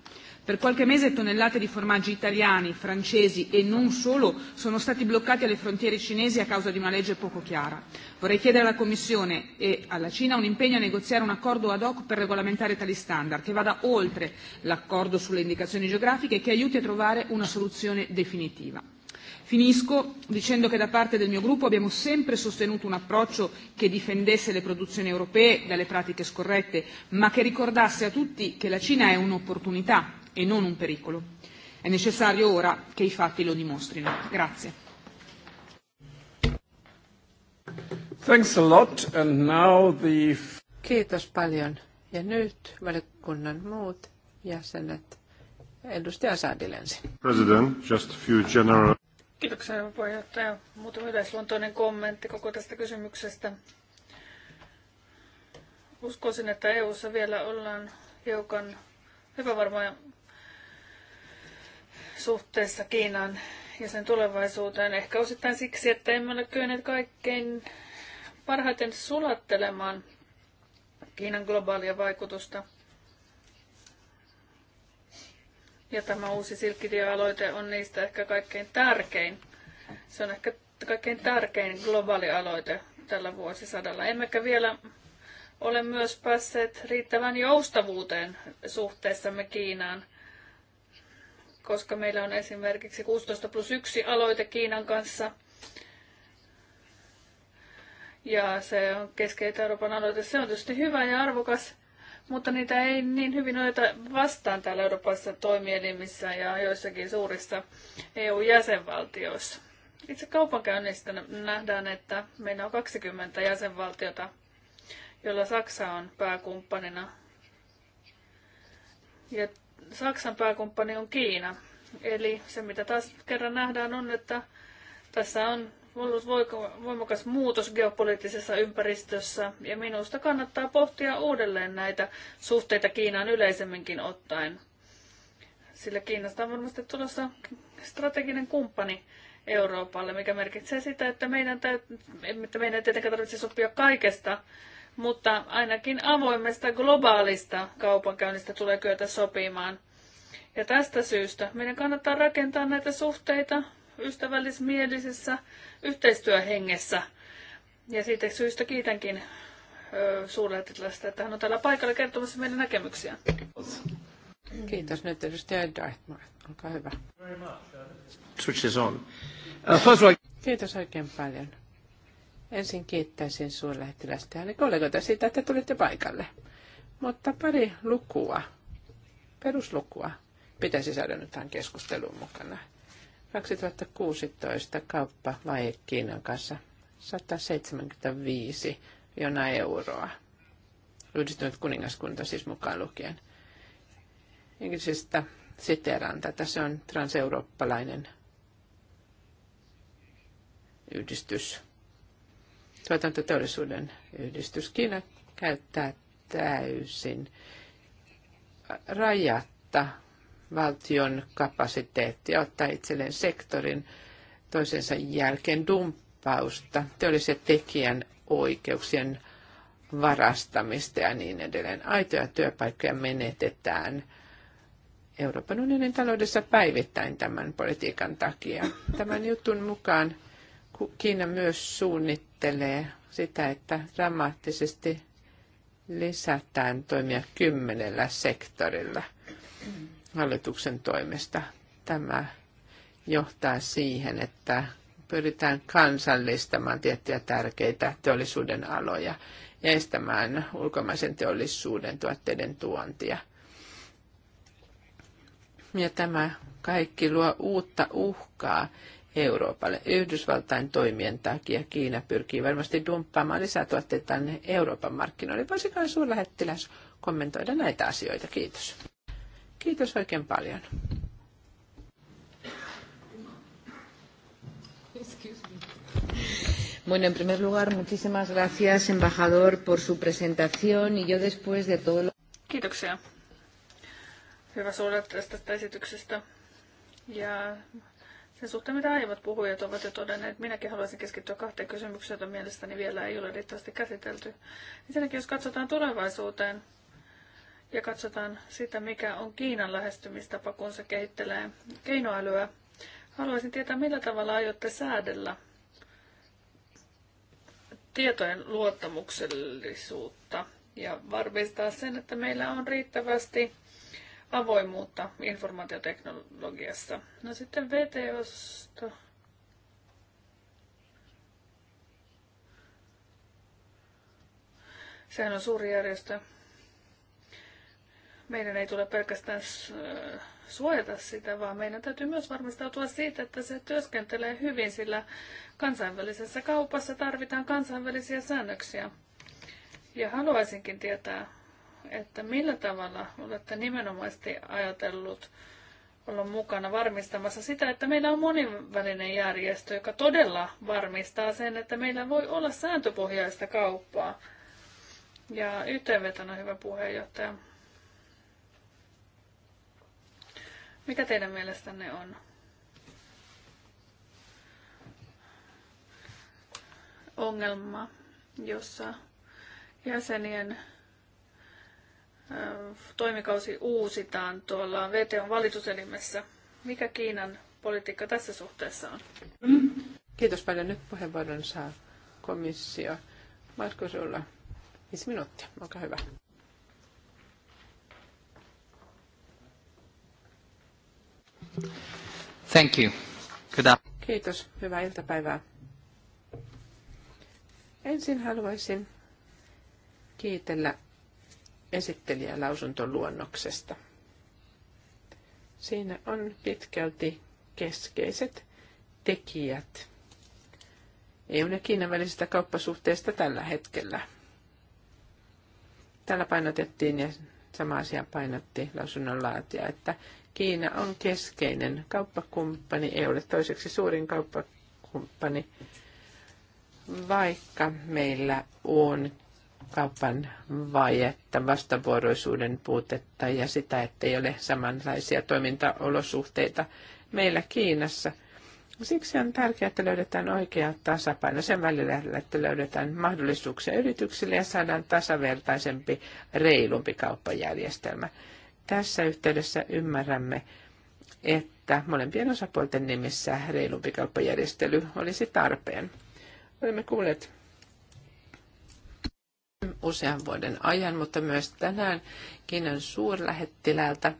Per qualche mese tonnellate di formaggi italiani, francesi e non solo sono stati bloccati alle frontiere cinesi a causa di una legge poco chiara. Vorrei chiedere alla Commissione e alla Cina un impegno a negoziare un accordo ad hoc per regolamentare tali standard, che vada oltre l'accordo sulle indicazioni geografiche e che aiuti a trovare una soluzione definitiva. Finisco dicendo che da parte del mio gruppo abbiamo sempre sostenuto un approccio che difendesse le produzioni europee dalle pratiche scorrette, ma che ricordasse a tutti che la Cina è un'opportunità e non un pericolo. È necessario ora che i fatti lo dimostrino. Grazie. Thanks a lot. And now the... Kiitos paljon. Ja nyt valiokunnan muut jäsenet. Edustaja Sadilensi. President, just a few general... Kiitoksia, hyvä puheenjohtaja. Muutama yleisluontoinen kommentti koko tästä kysymyksestä. Uskoisin, että EU-ssa vielä ollaan hiukan epävarmoja suhteessa Kiinaan ja sen tulevaisuuteen. Ehkä osittain siksi, että emme ole kyenneet kaikkein parhaiten sulattelemaan Kiinan globaalia vaikutusta. Ja tämä uusi silkkitiealoite on niistä ehkä kaikkein tärkein. Se on ehkä kaikkein tärkein globaali aloite tällä vuosisadalla. Emmekä vielä ole myös päässeet riittävän joustavuuteen suhteessamme Kiinaan koska meillä on esimerkiksi 16 plus 1 aloite Kiinan kanssa. Ja se on keskeitä euroopan aloite. Se on tietysti hyvä ja arvokas, mutta niitä ei niin hyvin oteta vastaan täällä Euroopassa toimielimissä ja joissakin suurissa EU-jäsenvaltioissa. Itse kaupankäynnistä nähdään, että meillä on 20 jäsenvaltiota, joilla Saksa on pääkumppanina. Ja Saksan pääkumppani on Kiina. Eli se, mitä taas kerran nähdään, on, että tässä on ollut voimakas muutos geopoliittisessa ympäristössä, ja minusta kannattaa pohtia uudelleen näitä suhteita Kiinaan yleisemminkin ottaen. Sillä Kiinasta on varmasti tulossa strateginen kumppani Euroopalle, mikä merkitsee sitä, että meidän, täyt- että meidän ei tietenkään tarvitse sopia kaikesta mutta ainakin avoimesta globaalista kaupankäynnistä tulee kyetä sopimaan. Ja tästä syystä meidän kannattaa rakentaa näitä suhteita ystävällismielisessä yhteistyöhengessä. Ja siitä syystä kiitänkin suurlähettilästä, että hän on täällä paikalla kertomassa meidän näkemyksiä. Kiitos. Nyt edustaja Dartmouth. Olkaa hyvä. Switches on. Uh, Kiitos oikein paljon. Ensin kiittäisin lähettilästä ja kollegoita siitä, että tulitte paikalle. Mutta pari lukua, peruslukua, pitäisi saada nyt tähän keskusteluun mukana. 2016 kauppa vaihe Kiinan kanssa 175 jona euroa. Yhdistynyt kuningaskunta siis mukaan lukien. Englisistä siteeraan tätä. Se on transeurooppalainen yhdistys tuotantoteollisuuden yhdistys. Kiina käyttää täysin rajatta valtion kapasiteettia ottaa itselleen sektorin toisensa jälkeen dumppausta, teollisen tekijän oikeuksien varastamista ja niin edelleen. Aitoja työpaikkoja menetetään Euroopan unionin taloudessa päivittäin tämän politiikan takia. Tämän jutun mukaan Kiina myös suunnittelee sitä, että dramaattisesti lisätään toimia kymmenellä sektorilla hallituksen toimesta. Tämä johtaa siihen, että pyritään kansallistamaan tiettyjä tärkeitä teollisuuden aloja ja estämään ulkomaisen teollisuuden tuotteiden tuontia. Ja tämä kaikki luo uutta uhkaa Euroopalle. Yhdysvaltain toimien takia Kiina pyrkii varmasti dumppaamaan lisätuotteita tänne Euroopan markkinoille. Voisiko suurlähettiläs kommentoida näitä asioita? Kiitos. Kiitos oikein paljon. Bueno, en primer lugar, muchísimas gracias, embajador, por su presentación y yo después de todo lo... Kiitoksia. Hyvä suuret tästä esityksestä. Ja sen suhteen, mitä aiemmat puhujat ovat jo todenneet. Minäkin haluaisin keskittyä kahteen kysymykseen, joita mielestäni vielä ei ole riittävästi käsitelty. Ensinnäkin, jos katsotaan tulevaisuuteen ja katsotaan sitä, mikä on Kiinan lähestymistapa, kun se kehittelee keinoälyä, haluaisin tietää, millä tavalla aiotte säädellä tietojen luottamuksellisuutta ja varmistaa sen, että meillä on riittävästi avoimuutta informaatioteknologiassa. No sitten VTOsta. Sehän on suuri järjestö. Meidän ei tule pelkästään suojata sitä, vaan meidän täytyy myös varmistautua siitä, että se työskentelee hyvin, sillä kansainvälisessä kaupassa tarvitaan kansainvälisiä säännöksiä. Ja haluaisinkin tietää, että millä tavalla olette nimenomaisesti ajatellut olla mukana varmistamassa sitä, että meillä on monivälinen järjestö, joka todella varmistaa sen, että meillä voi olla sääntöpohjaista kauppaa. Ja yhteenvetona hyvä puheenjohtaja. Mikä teidän mielestänne on? ongelma, jossa jäsenien toimikausi uusitaan tuolla VTOn valituselimessä. Mikä Kiinan politiikka tässä suhteessa on? Kiitos paljon. Nyt puheenvuoron saa komissio. Marko, sinulla viisi minuuttia. Olkaa hyvä. Thank you. Good Kiitos. Hyvää iltapäivää. Ensin haluaisin kiitellä esittelijä lausuntoluonnoksesta. Siinä on pitkälti keskeiset tekijät EUn ja Kiinan välisestä kauppasuhteesta tällä hetkellä. Tällä painotettiin ja sama asia painotti lausunnonlaatija, että Kiina on keskeinen kauppakumppani, EUlle toiseksi suurin kauppakumppani, vaikka meillä on kaupan vajetta, vastavuoroisuuden puutetta ja sitä, että ei ole samanlaisia toimintaolosuhteita meillä Kiinassa. Siksi on tärkeää, että löydetään oikea tasapaino sen välillä, että löydetään mahdollisuuksia yrityksille ja saadaan tasavertaisempi, reilumpi kauppajärjestelmä. Tässä yhteydessä ymmärrämme, että molempien osapuolten nimissä reilumpi kauppajärjestely olisi tarpeen. Olemme kuulleet usean vuoden ajan, mutta myös tänään Kiinan suurlähettilältä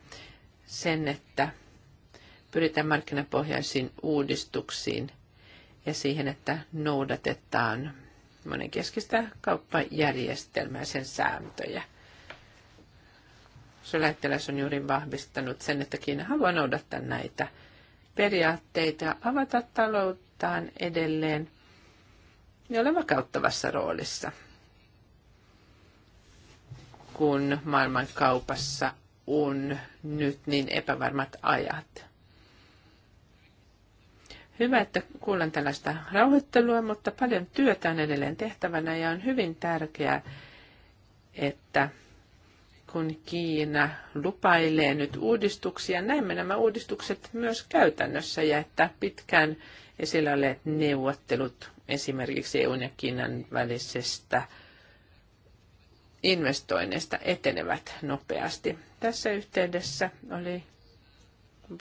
sen, että pyritään markkinapohjaisiin uudistuksiin ja siihen, että noudatetaan monenkeskistä kauppajärjestelmää sen sääntöjä. Suurlähettiläs on juuri vahvistanut sen, että Kiina haluaa noudattaa näitä periaatteita ja avata talouttaan edelleen ja olla vakauttavassa roolissa kun maailmankaupassa on nyt niin epävarmat ajat. Hyvä, että kuulen tällaista rauhoittelua, mutta paljon työtä on edelleen tehtävänä ja on hyvin tärkeää, että kun Kiina lupailee nyt uudistuksia, näemme nämä uudistukset myös käytännössä ja että pitkään esillä olleet neuvottelut esimerkiksi EUn ja Kiinan välisestä investoinneista etenevät nopeasti. Tässä yhteydessä oli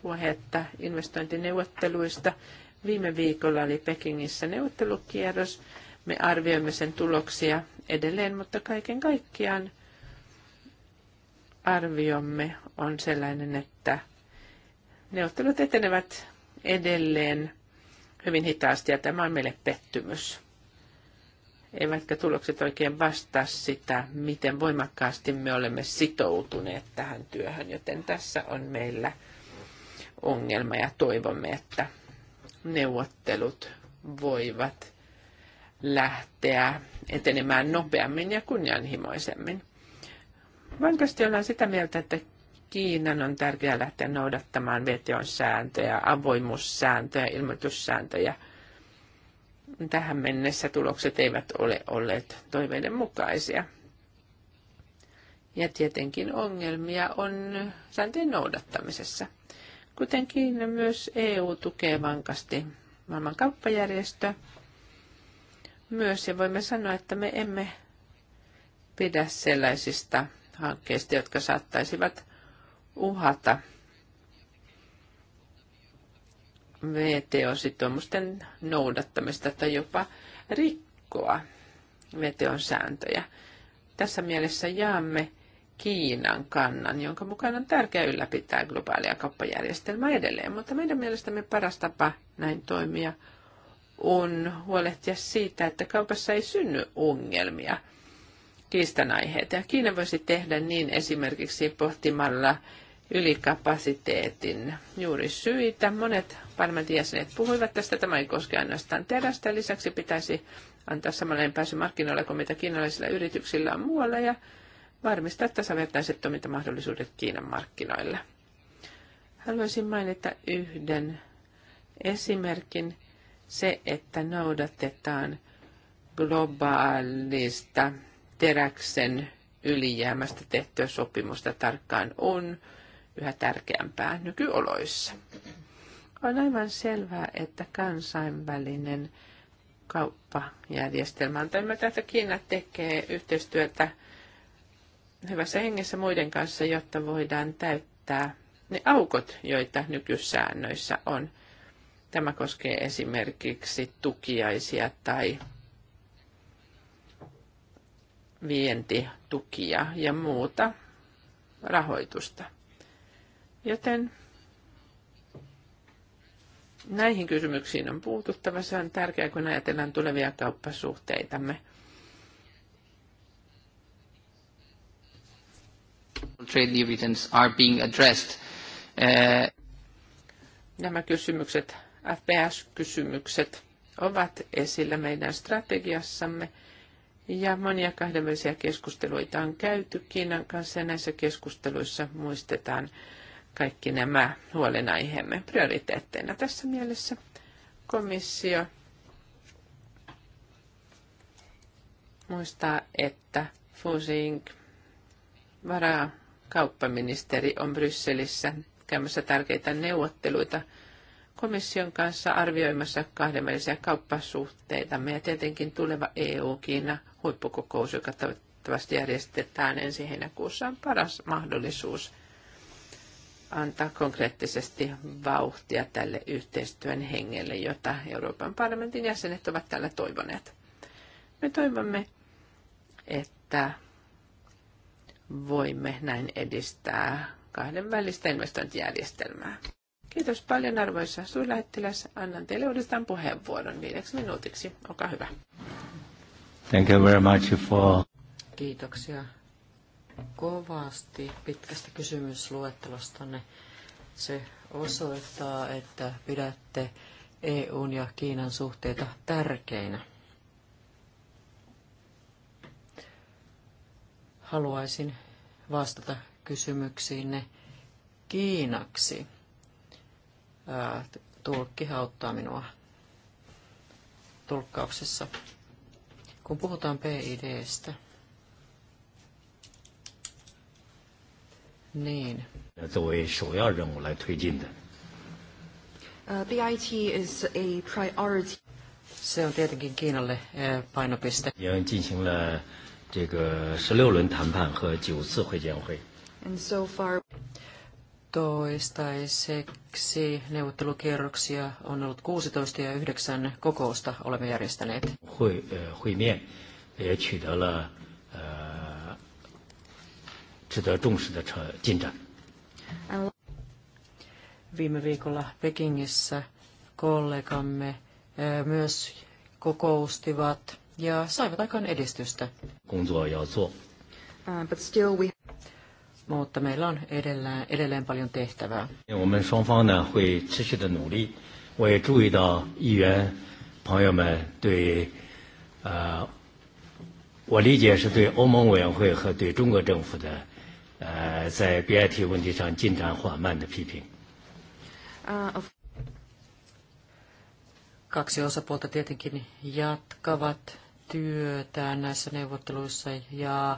puhetta investointineuvotteluista. Viime viikolla oli Pekingissä neuvottelukierros. Me arvioimme sen tuloksia edelleen, mutta kaiken kaikkiaan arviomme on sellainen, että neuvottelut etenevät edelleen hyvin hitaasti ja tämä on meille pettymys eivätkä tulokset oikein vastaa sitä, miten voimakkaasti me olemme sitoutuneet tähän työhön, joten tässä on meillä ongelma ja toivomme, että neuvottelut voivat lähteä etenemään nopeammin ja kunnianhimoisemmin. Vankasti ollaan sitä mieltä, että Kiinan on tärkeää lähteä noudattamaan VTOn sääntöjä, avoimuussääntöjä, ilmoitussääntöjä – tähän mennessä tulokset eivät ole olleet toiveiden mukaisia. Ja tietenkin ongelmia on sääntöjen noudattamisessa. Kuitenkin myös EU tukee vankasti maailman kauppajärjestö myös, ja voimme sanoa, että me emme pidä sellaisista hankkeista, jotka saattaisivat uhata – VTO-sitoumusten noudattamista tai jopa rikkoa VTOn sääntöjä. Tässä mielessä jaamme Kiinan kannan, jonka mukaan on tärkeää ylläpitää globaalia kauppajärjestelmää edelleen, mutta meidän mielestämme paras tapa näin toimia on huolehtia siitä, että kaupassa ei synny ongelmia kiistanaiheita. Ja Kiina voisi tehdä niin esimerkiksi pohtimalla ylikapasiteetin juuri syitä. Monet parlamentin jäsenet puhuivat tästä. Tämä ei koske ainoastaan terästä. Lisäksi pitäisi antaa samanlainen pääsy markkinoille kuin mitä kiinalaisilla yrityksillä on muualla ja varmistaa tasavertaiset toimintamahdollisuudet Kiinan markkinoilla. Haluaisin mainita yhden esimerkin. Se, että noudatetaan globaalista teräksen ylijäämästä tehtyä sopimusta tarkkaan on yhä tärkeämpää nykyoloissa. On aivan selvää, että kansainvälinen kauppajärjestelmä on tämmöinen, että Kiina tekee yhteistyötä hyvässä hengessä muiden kanssa, jotta voidaan täyttää ne aukot, joita nykysäännöissä on. Tämä koskee esimerkiksi tukiaisia tai vientitukia ja muuta rahoitusta. Joten Näihin kysymyksiin on puututtava. Se on tärkeää, kun ajatellaan tulevia kauppasuhteitamme. Trade dividends are being addressed. Eh, Nämä kysymykset, FPS-kysymykset, ovat esillä meidän strategiassamme. Ja monia kahdenvälisiä keskusteluita on käyty Kiinan kanssa ja näissä keskusteluissa muistetaan kaikki nämä huolenaiheemme prioriteetteina tässä mielessä. Komissio muistaa, että Fusing kauppaministeri on Brysselissä käymässä tärkeitä neuvotteluita komission kanssa arvioimassa kahdenvälisiä kauppasuhteita ja tietenkin tuleva EU-Kiina huippukokous, joka toivottavasti järjestetään ensi heinäkuussa, on paras mahdollisuus antaa konkreettisesti vauhtia tälle yhteistyön hengelle, jota Euroopan parlamentin jäsenet ovat täällä toivoneet. Me toivomme, että voimme näin edistää kahdenvälistä investointijärjestelmää. Kiitos paljon arvoisa suurlähettiläs. Annan teille uudestaan puheenvuoron viideksi minuutiksi. Olkaa hyvä. Thank you very much for... Kiitoksia kovasti pitkästä kysymysluettelostanne. Se osoittaa, että pidätte EUn ja Kiinan suhteita tärkeinä. Haluaisin vastata kysymyksiinne kiinaksi. tulkki auttaa minua tulkkauksessa. Kun puhutaan PIDstä, Niin. BIT is a priority. Se on tietenkin Kiinalle eh, painopiste. And so far... Toistaiseksi neuvottelukierroksia on ollut 16 ja 9 kokousta olemme järjestäneet. 会,呃,会面,也取得了值得重视的成进展。Viime viikolla Pekingissä kollegamme myös kokoustivat ja saivat aikaan edistystä. But still we... Mutta meillä on edelleen, edelleen paljon tehtävää. 我们双方呢会持续的努力。我也注意到议员朋友们对，呃，我理解是对欧盟委员会和对中国政府的呃，在 BIT 问题上进展缓慢的批评。Kaksi osapuolta tietenkin jatkavat työtään näissä neuvotteluissa ja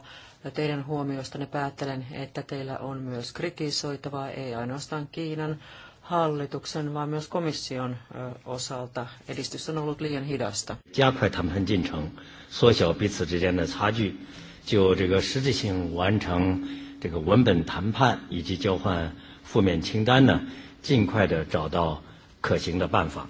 teidän huomioistanne päättelen, että teillä on myös kritisoitavaa, ei ainoastaan Kiinan hallituksen, vaan myös komission osalta. Edistys on ollut liian hidasta. 加快谈判进程，缩小彼此之间的差距，就这个实质性完成这个文本谈判以及交换负面清单呢，尽快的找到可行的办法。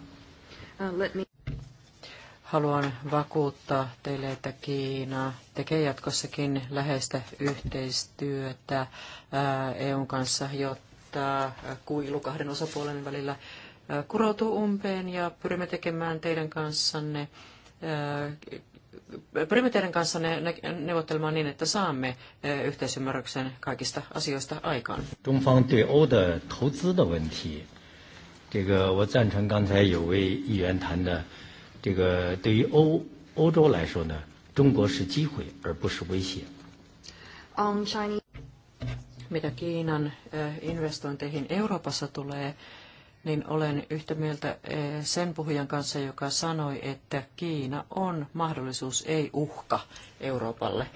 Haluan vakuuttaa teille, että Kiina tekee jatkossakin läheistä yhteistyötä uh, EUn kanssa, jotta uh, kuilu kahden osapuolen välillä uh, kuroutuu umpeen ja pyrimme tekemään teidän kanssanne Pyrimme teidän kanssa ne, ne, neuvottelemaan niin, että saamme e, yhteisymmärryksen kaikista asioista aikaan. Chinese... Mitä Kiinan investointeihin Euroopassa tulee, niin olen yhtä mieltä eh, sen puhujan kanssa, joka sanoi, että Kiina on mahdollisuus, ei uhka Euroopalle.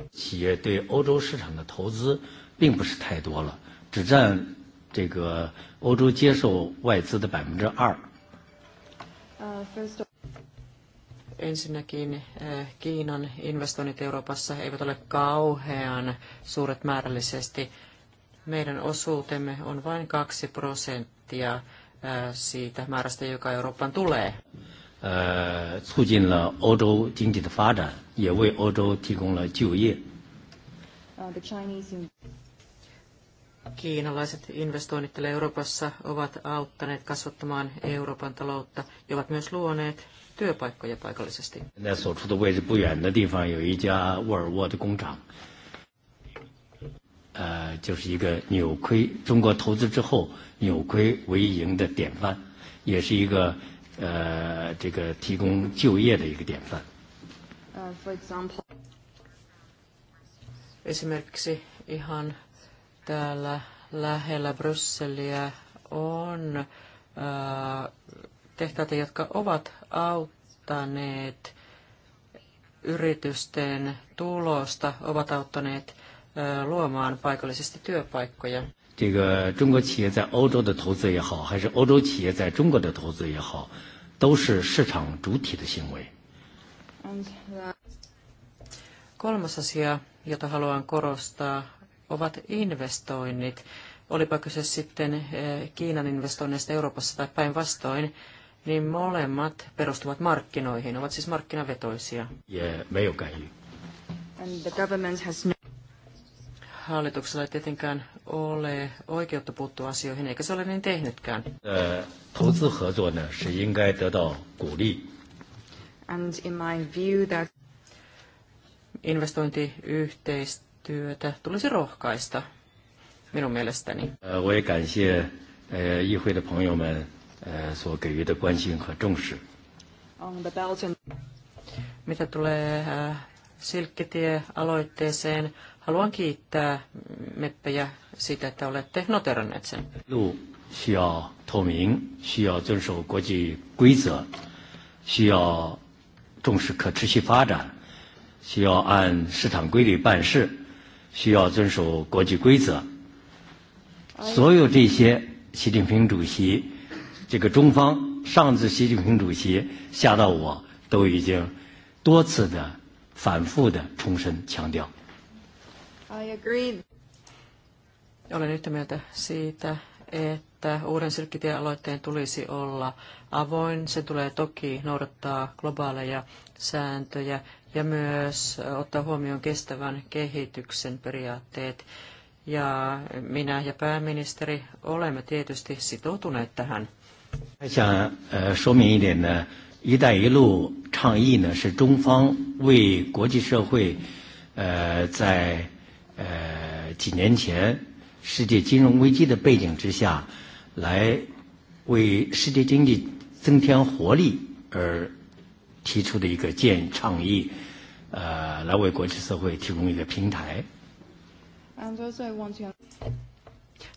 Ensinnäkin Kiinan investoinnit Euroopassa eivät ole kauhean suuret määrällisesti. Meidän osuutemme on vain 2 prosenttia Äh, siitä määrästä, joka Eurooppaan tulee. Äh, uh, Kiinalaiset investoinnit täällä Euroopassa ovat auttaneet kasvattamaan Euroopan taloutta ja ovat myös luoneet työpaikkoja paikallisesti. 在所处的位置不远的地方有一家沃尔沃的工厂。Uh, 呃，就是一个扭亏中国投资之后扭亏为盈的典范，也是一个呃这个提供就业的一个典范。Uh, for example. Esimerkiksi ihan täällä lähellä Brysseliä on äh, jotka ovat auttaneet yritysten tulosta, ovat auttaneet luomaan paikallisesti työpaikkoja. 这个中国企业在欧洲的投资也好，还是欧洲企业在中国的投资也好，都是市场主体的行为。Kolmas asia, jota haluan korostaa, ovat investoinnit. Olipa kyse sitten Kiinan investoinneista Euroopassa tai päinvastoin, niin molemmat perustuvat markkinoihin, ovat siis markkinavetoisia. Yeah, hallituksella ei tietenkään ole oikeutta puuttua asioihin, eikä se ole niin tehnytkään. And in my view that... Investointiyhteistyötä tulisi rohkaista, minun mielestäni. Mitä tulee äh, silkkitie-aloitteeseen, Haluan kiittää meppejä siitä, että olette noteranneet sen. Lu, xia, toming, xia, zunshou, koji, kuiza, xia, zunshi, ka, tshisi, fada, xia, an, shitan, kuili, ban, shi, xia, zunshou, koji, kuiza. Soyo, te, xie, xi, ting, ping, du, xi, Це ка Чунг Фан, Шан Цзі Сі Цзіньхін Чу Сі, Ся Дао Ва, Ду Ї Цзіньх, Ду Ці Де, Фан Фу Де, Чунг Шен, Чан Діо. I agree. Olen yhtä mieltä siitä, että uuden silkkitiealoitteen tulisi olla avoin. Se tulee toki noudattaa globaaleja sääntöjä ja myös ottaa huomioon kestävän kehityksen periaatteet. Ja minä ja pääministeri olemme tietysti sitoutuneet tähän. 呃几年前世界金融危机的背景之下，来为世界经济增添活力而提出的一个建议倡议，呃，来为国际社会提供一个平台。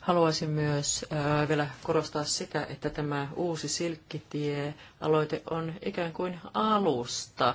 Haluaisin myös äh, vielä korostaa sitä, että tämä uusi silkkitie-aloite on ikään kuin alusta äh,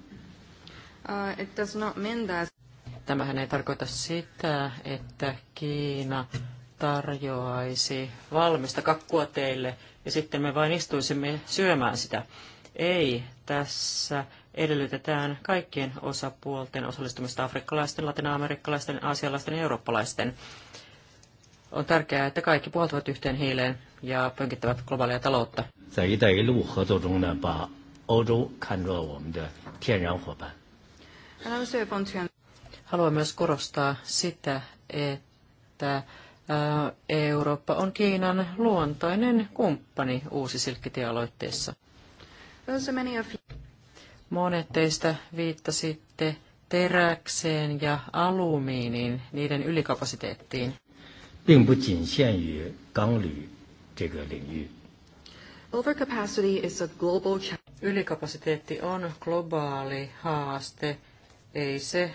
Uh, it does not mean that. Tämähän ei tarkoita sitä, että Kiina tarjoaisi valmista kakkua teille ja sitten me vain istuisimme syömään sitä. Ei, tässä edellytetään kaikkien osapuolten osallistumista afrikkalaisten, latinoamerikkalaisten, aasialaisten ja eurooppalaisten. On tärkeää, että kaikki puhaltavat yhteen hiileen ja pönkittävät globaalia taloutta. 在一带一路合作中呢，把欧洲看作我们的天然伙伴。Haluan myös korostaa sitä, että Eurooppa on Kiinan luontainen kumppani uusi silkkitiealoitteessa. Monet teistä viittasitte teräkseen ja alumiinin, niiden ylikapasiteettiin. Ylikapasiteetti on globaali haaste ei se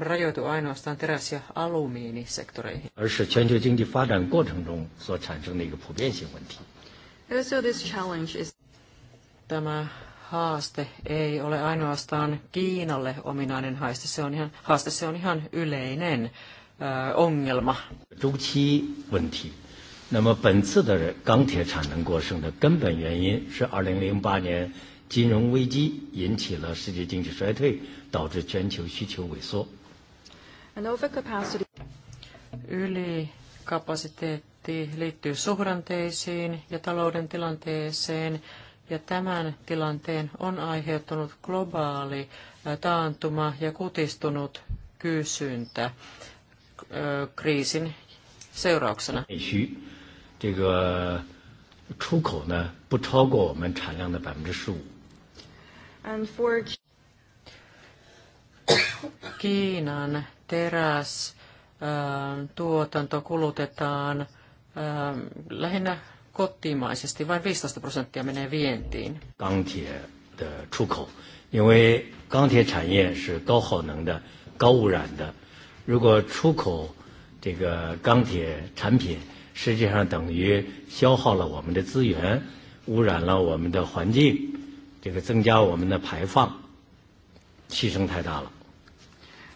rajoitu ainoastaan teräs- ja alumiinisektoreihin. Tämä haaste ei ole ainoastaan Kiinalle ominainen haaste, se on ihan, haaste, se on ihan yleinen ö, ongelma. 周期问题。那么本次的钢铁产能过剩的根本原因是2008年金融危机引起了世界经济衰退，导致全球需求萎缩。And overcapacity. Yli kapasiteetti liittyy suhdanteisiin ja talouden tilanteeseen, ja tämän tilanteen on aiheuttanut globaali taantuma ja kutistunut kysyntä kriisin seurauksena. 这个出口呢不超过我们产量的百分之十五。And for... Kiinan teräs ähm, tuotanto kulutetaan ähm, lähinnä kotimaisesti, vain 15 prosenttia menee vientiin. Kangtie 的出口,因为钢铁产业是高耗能的,高污染的,如果出口这个钢铁产品实际上等于消耗了我们的资源,污染了我们的环境。这个增加我们的排放，牺牲太大了。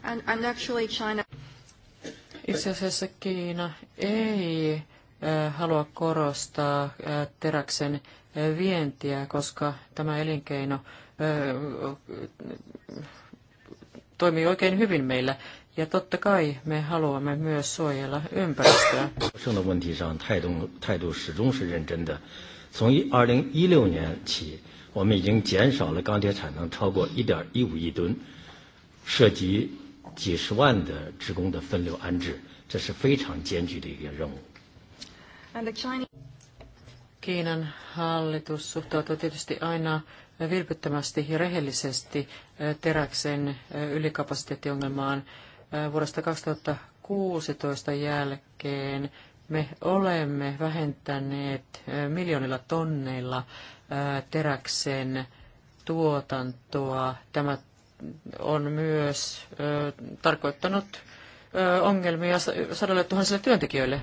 And, and actually China... Itse asiassa Kiina ei halua korostaa teräksen vientiä, koska tämä elinkeino toimii oikein hyvin meillä. Ja totta kai me haluamme myös suojella ympäristöä. 态度始终是认真的。从二零一六年起，我们已经减少了钢铁产能超过 the Chinese... Kiinan hallitus suhtautuu tietysti aina vilpittömästi ja rehellisesti teräksen ylikapasiteettiongelmaan. Vuodesta 2016 jälkeen me olemme vähentäneet miljoonilla tonneilla teräksen tuotantoa. Tämä on myös tarkoittanut ongelmia sadalle tuhansille työntekijöille.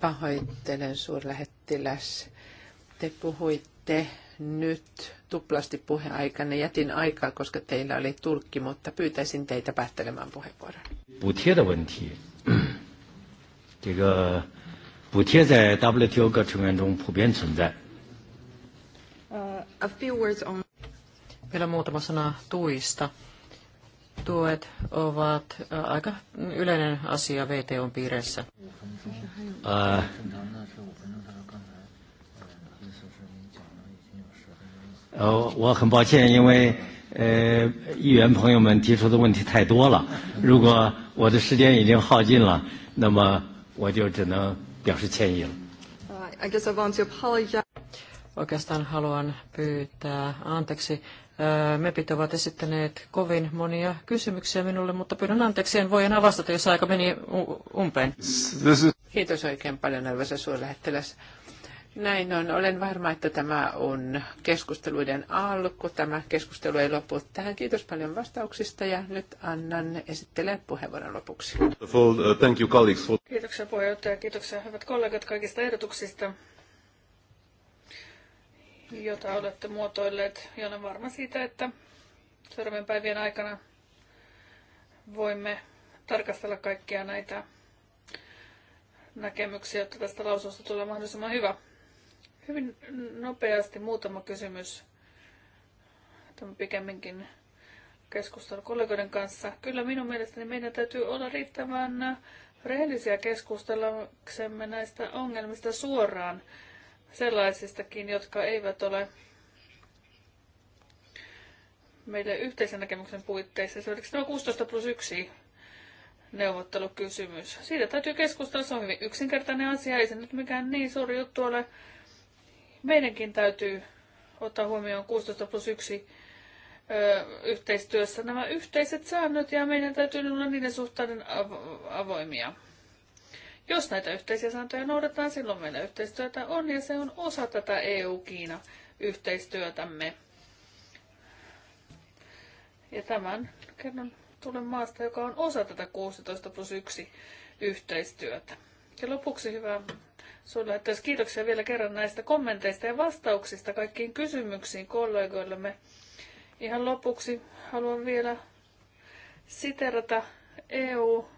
Pahoittelen suurlähettiläs. Te puhuitte nyt tuplasti puheaikana. Jätin aikaa, koska teillä oli tulkki, mutta pyytäisin teitä päättelemään puheenvuoron. 补贴的问题，这个补贴在 a few words on... Vielä muutama sana tuista. Tuet ovat aika yleinen asia VTOn piirissä. Uh, oh, 我很抱歉，因为呃，议员朋友们提出的问题太多了，如果我的时间已经耗尽了，那么我就只能表示歉意了。I guess I want to apologize. Oikeastaan haluan pyytää anteeksi. MEPit ovat esittäneet kovin monia kysymyksiä minulle, mutta pyydän anteeksi, en voi enää vastata, jos aika meni umpeen. Kiitos oikein paljon, arvoisa suurlähettiläs. Näin on. Olen varma, että tämä on keskusteluiden alku. Tämä keskustelu ei lopu tähän. Kiitos paljon vastauksista ja nyt annan esittelee puheenvuoron lopuksi. Thank you, colleagues. Kiitoksia puheenjohtaja. Kiitoksia hyvät kollegat kaikista ehdotuksista jota olette muotoilleet. Ja olen varma siitä, että seuraavien päivien aikana voimme tarkastella kaikkia näitä näkemyksiä, jotta tästä laususta tulee mahdollisimman hyvä. Hyvin nopeasti muutama kysymys. Tämä pikemminkin keskustelu kollegoiden kanssa. Kyllä minun mielestäni meidän täytyy olla riittävän rehellisiä keskustellaksemme näistä ongelmista suoraan sellaisistakin, jotka eivät ole meille yhteisen näkemyksen puitteissa. Se oliko tämä 16 plus 1 neuvottelukysymys. Siitä täytyy keskustella, se on hyvin yksinkertainen asia, ei se nyt mikään niin suuri juttu ole. Meidänkin täytyy ottaa huomioon 16 plus 1 yhteistyössä nämä yhteiset säännöt ja meidän täytyy olla niiden suhteen avoimia. Jos näitä yhteisiä sääntöjä noudataan, silloin meillä yhteistyötä on ja se on osa tätä EU-Kiina-yhteistyötämme. Ja tämän kerron tulen maasta, joka on osa tätä 16 plus 1 yhteistyötä. Ja lopuksi hyvä että kiitoksia vielä kerran näistä kommenteista ja vastauksista kaikkiin kysymyksiin kollegoillemme. Ihan lopuksi haluan vielä siterata EU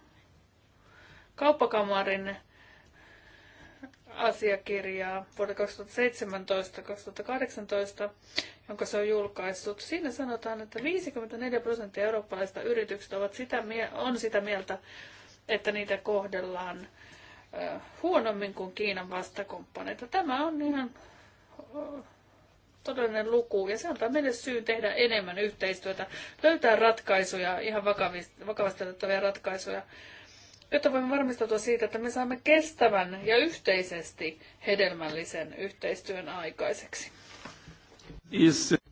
kauppakamarin asiakirjaa vuodelta 2017-2018, jonka se on julkaissut. Siinä sanotaan, että 54 prosenttia eurooppalaisista yrityksistä ovat sitä, on sitä mieltä, että niitä kohdellaan huonommin kuin Kiinan vastakumppaneita. Tämä on ihan todellinen luku ja se antaa meille syyn tehdä enemmän yhteistyötä, löytää ratkaisuja, ihan vakavasti, vakavasti otettavia ratkaisuja jotta voimme varmistautua siitä, että me saamme kestävän ja yhteisesti hedelmällisen yhteistyön aikaiseksi.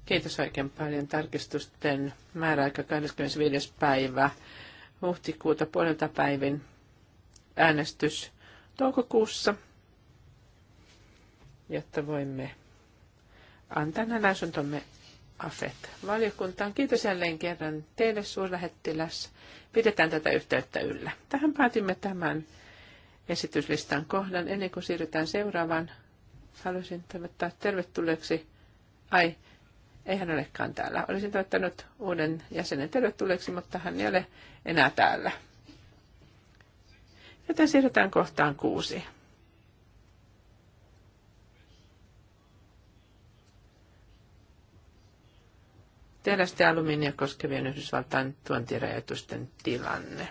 Kiitos oikein paljon tarkistusten määräaika 25. päivä huhtikuuta puolelta päivin äänestys toukokuussa, jotta voimme antaa lausuntomme AFET-valiokuntaan. Kiitos jälleen kerran teille suurlähettiläs. Pidetään tätä yhteyttä yllä. Tähän päätimme tämän esityslistan kohdan. Ennen kuin siirrytään seuraavaan, haluaisin toivottaa tervetulleeksi. Ai, ei hän olekaan täällä. Olisin toivottanut uuden jäsenen tervetulleeksi, mutta hän ei ole enää täällä. Joten siirrytään kohtaan kuusi. terästä ja alumiinia koskevien Yhdysvaltain tuontirajoitusten tilanne.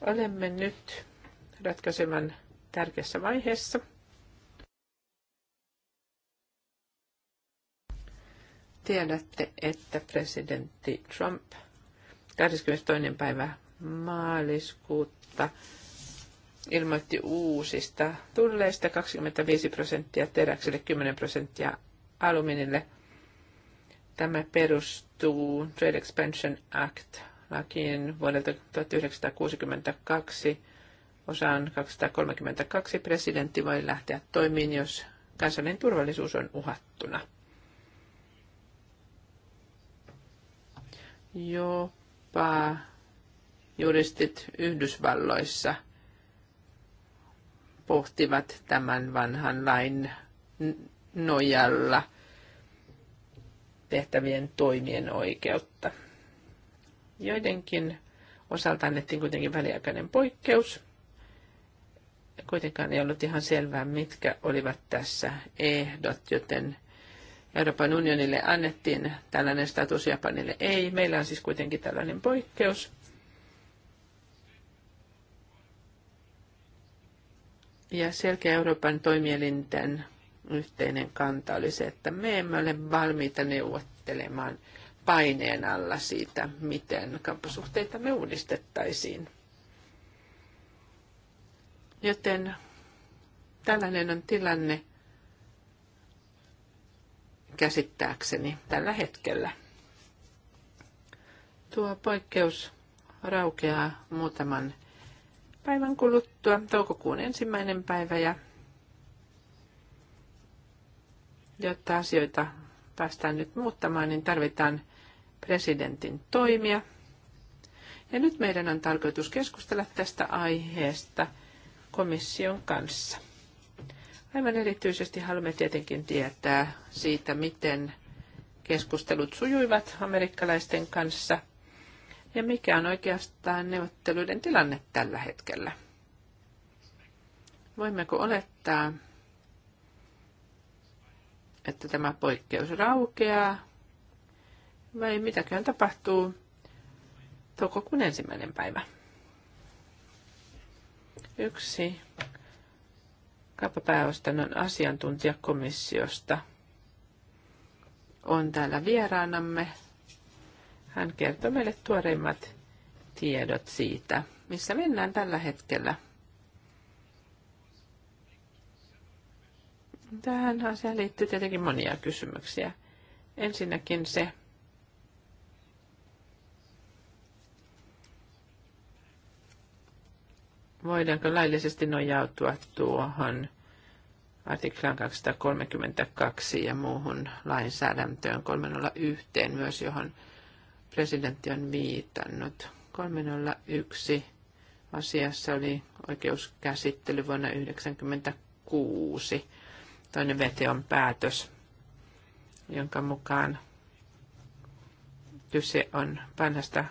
Olemme nyt ratkaisevan tärkeässä vaiheessa. Tiedätte, että presidentti Trump 22. päivä maaliskuutta ilmoitti uusista tulleista 25 prosenttia teräkselle, 10 prosenttia alumiinille – Tämä perustuu Trade Expansion Act lakiin vuodelta 1962 osaan 232 presidentti voi lähteä toimiin, jos kansallinen turvallisuus on uhattuna. Jopa juristit Yhdysvalloissa pohtivat tämän vanhan lain nojalla – tehtävien toimien oikeutta. Joidenkin osalta annettiin kuitenkin väliaikainen poikkeus. Kuitenkaan ei ollut ihan selvää, mitkä olivat tässä ehdot, joten Euroopan unionille annettiin tällainen status, Japanille ei. Meillä on siis kuitenkin tällainen poikkeus. Ja selkeä Euroopan toimielinten yhteinen kanta oli se, että me emme ole valmiita neuvottelemaan paineen alla siitä, miten kampusuhteita me uudistettaisiin. Joten tällainen on tilanne käsittääkseni tällä hetkellä. Tuo poikkeus raukeaa muutaman päivän kuluttua, toukokuun ensimmäinen päivä, ja Jotta asioita päästään nyt muuttamaan, niin tarvitaan presidentin toimia. Ja nyt meidän on tarkoitus keskustella tästä aiheesta komission kanssa. Aivan erityisesti haluamme tietenkin tietää siitä, miten keskustelut sujuivat amerikkalaisten kanssa ja mikä on oikeastaan neuvotteluiden tilanne tällä hetkellä. Voimmeko olettaa, että tämä poikkeus raukeaa. Vai mitäköhän tapahtuu toukokuun ensimmäinen päivä? Yksi kauppapääostan asiantuntijakomissiosta on täällä vieraanamme. Hän kertoo meille tuoreimmat tiedot siitä, missä mennään tällä hetkellä – Tähän asiaan liittyy tietenkin monia kysymyksiä. Ensinnäkin se, voidaanko laillisesti nojautua tuohon artiklan 232 ja muuhun lainsäädäntöön 301 myös, johon presidentti on viitannut. 301 asiassa oli oikeuskäsittely vuonna 1996 toinen on päätös, jonka mukaan kyse on vanhasta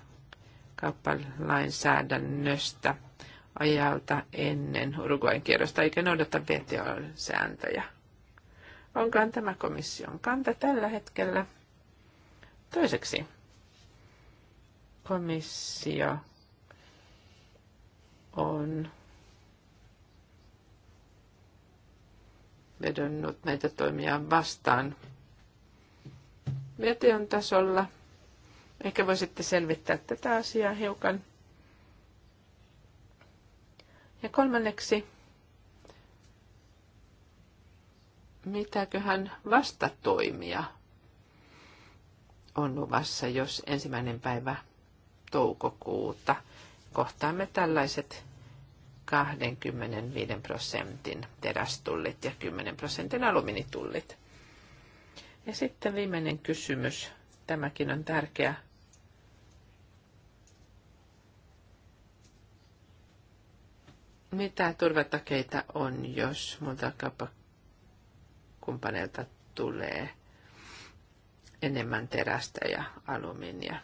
kauppalainsäädännöstä ajalta ennen Uruguayn kierrosta, eikä noudata VTOn sääntöjä. Onkaan tämä komission kanta tällä hetkellä? Toiseksi komissio on vedonnut näitä toimia vastaan Veteon tasolla. Ehkä voisitte selvittää tätä asiaa hiukan. Ja kolmanneksi, mitäköhän vastatoimia on luvassa, jos ensimmäinen päivä toukokuuta kohtaamme tällaiset 25 prosentin terästullit ja 10 prosentin alumiinitullit. Ja sitten viimeinen kysymys. Tämäkin on tärkeä. Mitä turvatakeita on, jos muilta kauppakumppaneilta tulee enemmän terästä ja alumiinia?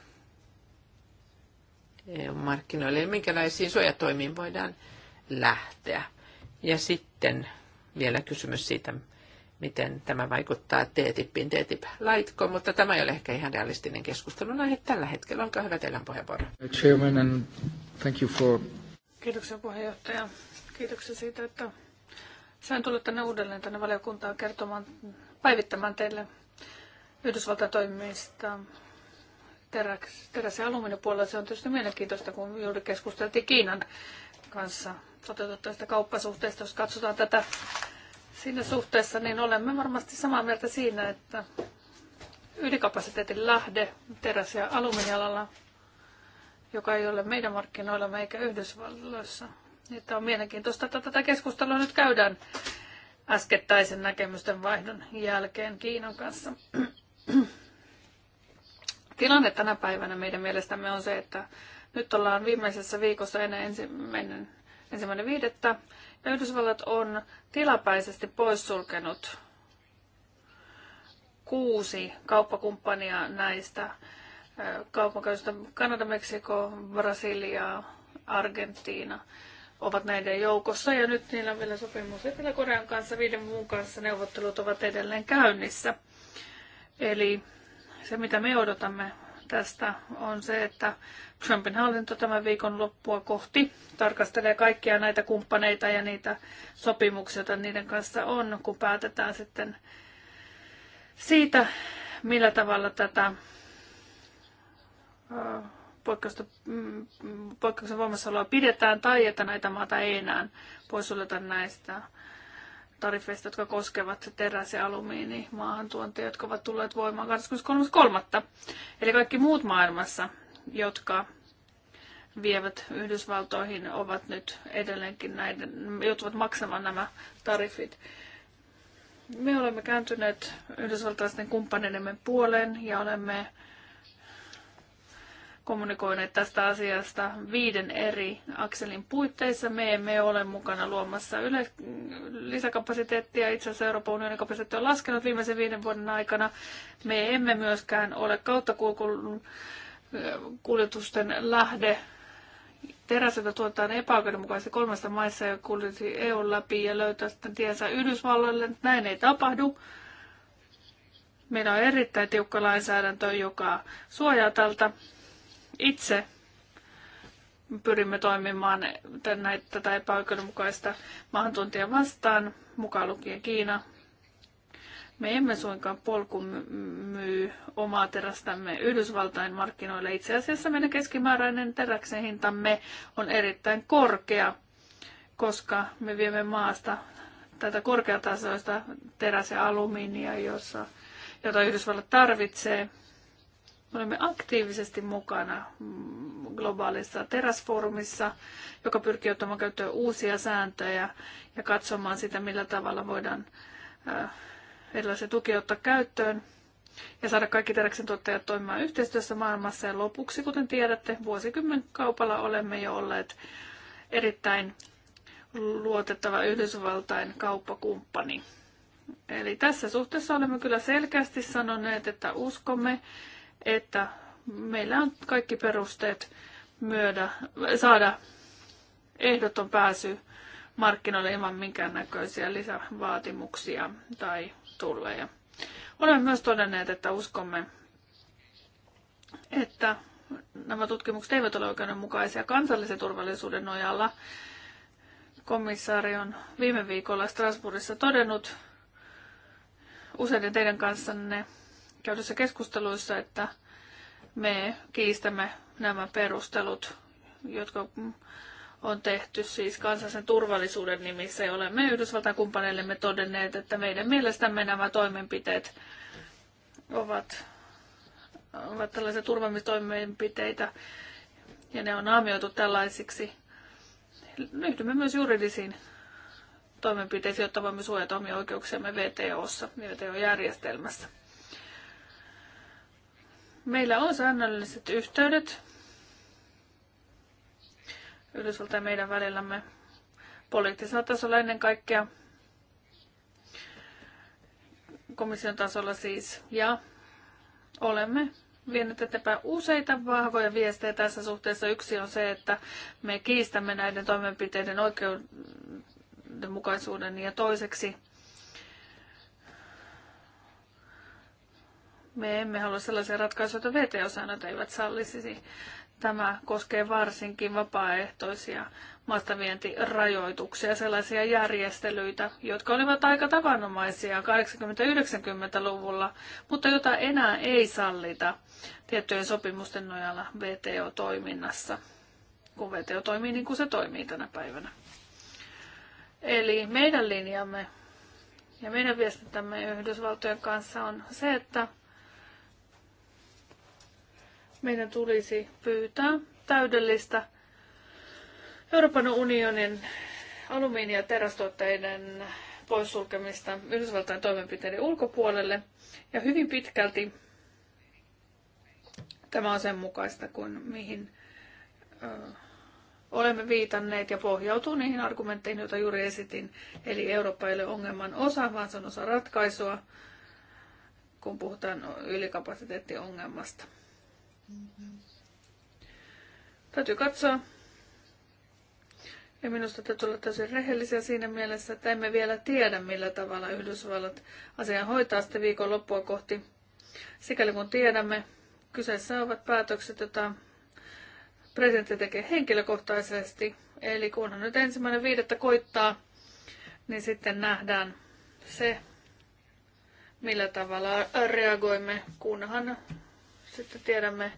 EU-markkinoille, minkälaisiin suojatoimiin voidaan lähteä. Ja sitten vielä kysymys siitä, miten tämä vaikuttaa TTIPin, TTIP-laitkoon, mutta tämä ei ole ehkä ihan realistinen keskustelun aihe tällä hetkellä. Olkaa hyvä teidän puheenvuoro. Chairman, and thank you for... Kiitoksia puheenjohtaja. Kiitoksia siitä, että sain tulla tänne uudelleen tänne valiokuntaan kertomaan, päivittämään teille Yhdysvaltain toimimista teräs- ja alumiinipuolella. Se on tietysti mielenkiintoista, kun juuri keskusteltiin Kiinan kanssa toteutettavista kauppasuhteista, jos katsotaan tätä siinä suhteessa, niin olemme varmasti samaa mieltä siinä, että ylikapasiteetin lähde teräs- ja alumiinialalla, joka ei ole meidän markkinoillamme eikä Yhdysvalloissa. Että on mielenkiintoista, että tätä keskustelua nyt käydään äskettäisen näkemysten vaihdon jälkeen Kiinan kanssa. Tilanne tänä päivänä meidän mielestämme on se, että nyt ollaan viimeisessä viikossa ennen ensimmäinen ensimmäinen viidettä. Ja Yhdysvallat on tilapäisesti poissulkenut kuusi kauppakumppania näistä kaupankäytöstä. Kanada, Meksiko, Brasilia, Argentiina ovat näiden joukossa ja nyt niillä on vielä sopimus Etelä-Korean kanssa, viiden muun kanssa neuvottelut ovat edelleen käynnissä. Eli se mitä me odotamme tästä on se, että Trumpin hallinto tämän viikon loppua kohti tarkastelee kaikkia näitä kumppaneita ja niitä sopimuksia, joita niiden kanssa on, kun päätetään sitten siitä, millä tavalla tätä mm, poikkeuksen voimassaoloa pidetään tai että näitä maata ei enää poissuljeta näistä tariffeista, jotka koskevat teräs- ja alumiinimaahantuontia, jotka ovat tulleet voimaan 23.3. Eli kaikki muut maailmassa, jotka vievät Yhdysvaltoihin, ovat nyt edelleenkin näiden, joutuvat maksamaan nämä tarifit. Me olemme kääntyneet yhdysvaltalaisten kumppaneidemme puoleen ja olemme kommunikoineet tästä asiasta viiden eri akselin puitteissa. Me emme ole mukana luomassa yle- lisäkapasiteettia. Itse asiassa Euroopan unionin kapasiteetti on laskenut viimeisen viiden vuoden aikana. Me emme myöskään ole kuljetusten lähde. Teräsötä tuotetaan epäoikeudenmukaisesti kolmesta maissa ja kuljetti EUn läpi ja löytää sitten tiensä Yhdysvalloille. Näin ei tapahdu. Meillä on erittäin tiukka lainsäädäntö, joka suojaa tältä itse pyrimme toimimaan näitä, tätä epäoikeudenmukaista maahantuntia vastaan, mukaan lukien Kiina. Me emme suinkaan polku myy omaa terästämme Yhdysvaltain markkinoille. Itse asiassa meidän keskimääräinen teräksen hintamme on erittäin korkea, koska me viemme maasta tätä korkeatasoista teräs- ja alumiinia, jossa, jota Yhdysvallat tarvitsee – Olemme aktiivisesti mukana globaalissa teräsfoorumissa, joka pyrkii ottamaan käyttöön uusia sääntöjä ja katsomaan sitä, millä tavalla voidaan äh, erilaisia tukia ottaa käyttöön ja saada kaikki teräksen tuottajat toimimaan yhteistyössä maailmassa. Ja lopuksi, kuten tiedätte, vuosikymmen kaupalla olemme jo olleet erittäin luotettava Yhdysvaltain kauppakumppani. Eli tässä suhteessa olemme kyllä selkeästi sanoneet, että uskomme että meillä on kaikki perusteet myödä, saada ehdoton pääsy markkinoille ilman minkäännäköisiä lisävaatimuksia tai tulleja. Olemme myös todenneet, että uskomme, että nämä tutkimukset eivät ole oikeudenmukaisia kansallisen turvallisuuden nojalla. Komissaari on viime viikolla Strasbourgissa todennut useiden teidän kanssanne, käydyssä keskusteluissa, että me kiistämme nämä perustelut, jotka on tehty siis kansallisen turvallisuuden nimissä ja olemme Yhdysvaltain kumppaneillemme todenneet, että meidän mielestämme nämä toimenpiteet ovat, ovat tällaisia turvallisuustoimenpiteitä ja ne on naamioitu tällaisiksi. Yhdymme myös juridisiin toimenpiteisiin, jotta voimme suojata omia oikeuksiamme VTOssa VTO-järjestelmässä. Meillä on säännölliset yhteydet Yhdysvaltain meidän välillämme poliittisella tasolla ennen kaikkea, komission tasolla siis, ja olemme vienyt eteenpäin useita vahvoja viestejä tässä suhteessa. Yksi on se, että me kiistämme näiden toimenpiteiden oikeudenmukaisuuden ja toiseksi Me emme halua sellaisia ratkaisuja, joita VTO-säännöt eivät sallisisi Tämä koskee varsinkin vapaaehtoisia maastavientirajoituksia, sellaisia järjestelyitä, jotka olivat aika tavanomaisia 80-90-luvulla, mutta jota enää ei sallita tiettyjen sopimusten nojalla VTO-toiminnassa, kun VTO toimii niin kuin se toimii tänä päivänä. Eli meidän linjamme ja meidän viestintämme Yhdysvaltojen kanssa on se, että meidän tulisi pyytää täydellistä Euroopan unionin alumiini- ja terästuotteiden poissulkemista Yhdysvaltain toimenpiteiden ulkopuolelle. Ja hyvin pitkälti tämä on sen mukaista kuin mihin ö, olemme viitanneet ja pohjautuu niihin argumentteihin, joita juuri esitin. Eli Eurooppa ei ole ongelman osa, vaan se on osa ratkaisua, kun puhutaan ylikapasiteettiongelmasta. Täytyy katsoa. Ja minusta täytyy olla täysin rehellisiä siinä mielessä, että emme vielä tiedä, millä tavalla Yhdysvallat asian hoitaa sitten viikon loppua kohti. Sikäli kun tiedämme, kyseessä ovat päätökset, joita presidentti tekee henkilökohtaisesti. Eli kunhan nyt ensimmäinen viidettä koittaa, niin sitten nähdään se, millä tavalla reagoimme, kunhan sitten tiedämme,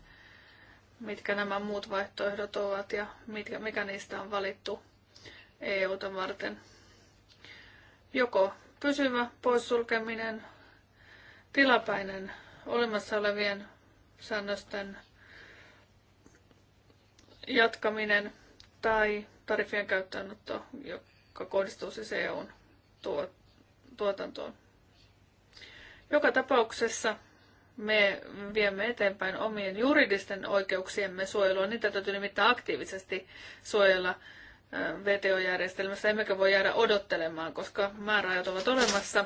mitkä nämä muut vaihtoehdot ovat ja mitkä, mikä niistä on valittu EUta varten. Joko pysyvä poissulkeminen, tilapäinen olemassa olevien säännösten jatkaminen tai tarifien käyttöönotto, joka kohdistuu siis EUn tuotantoon. Joka tapauksessa me viemme eteenpäin omien juridisten oikeuksiemme suojelua. Niitä täytyy nimittäin aktiivisesti suojella VTO-järjestelmässä, emmekä voi jäädä odottelemaan, koska määräajat ovat olemassa.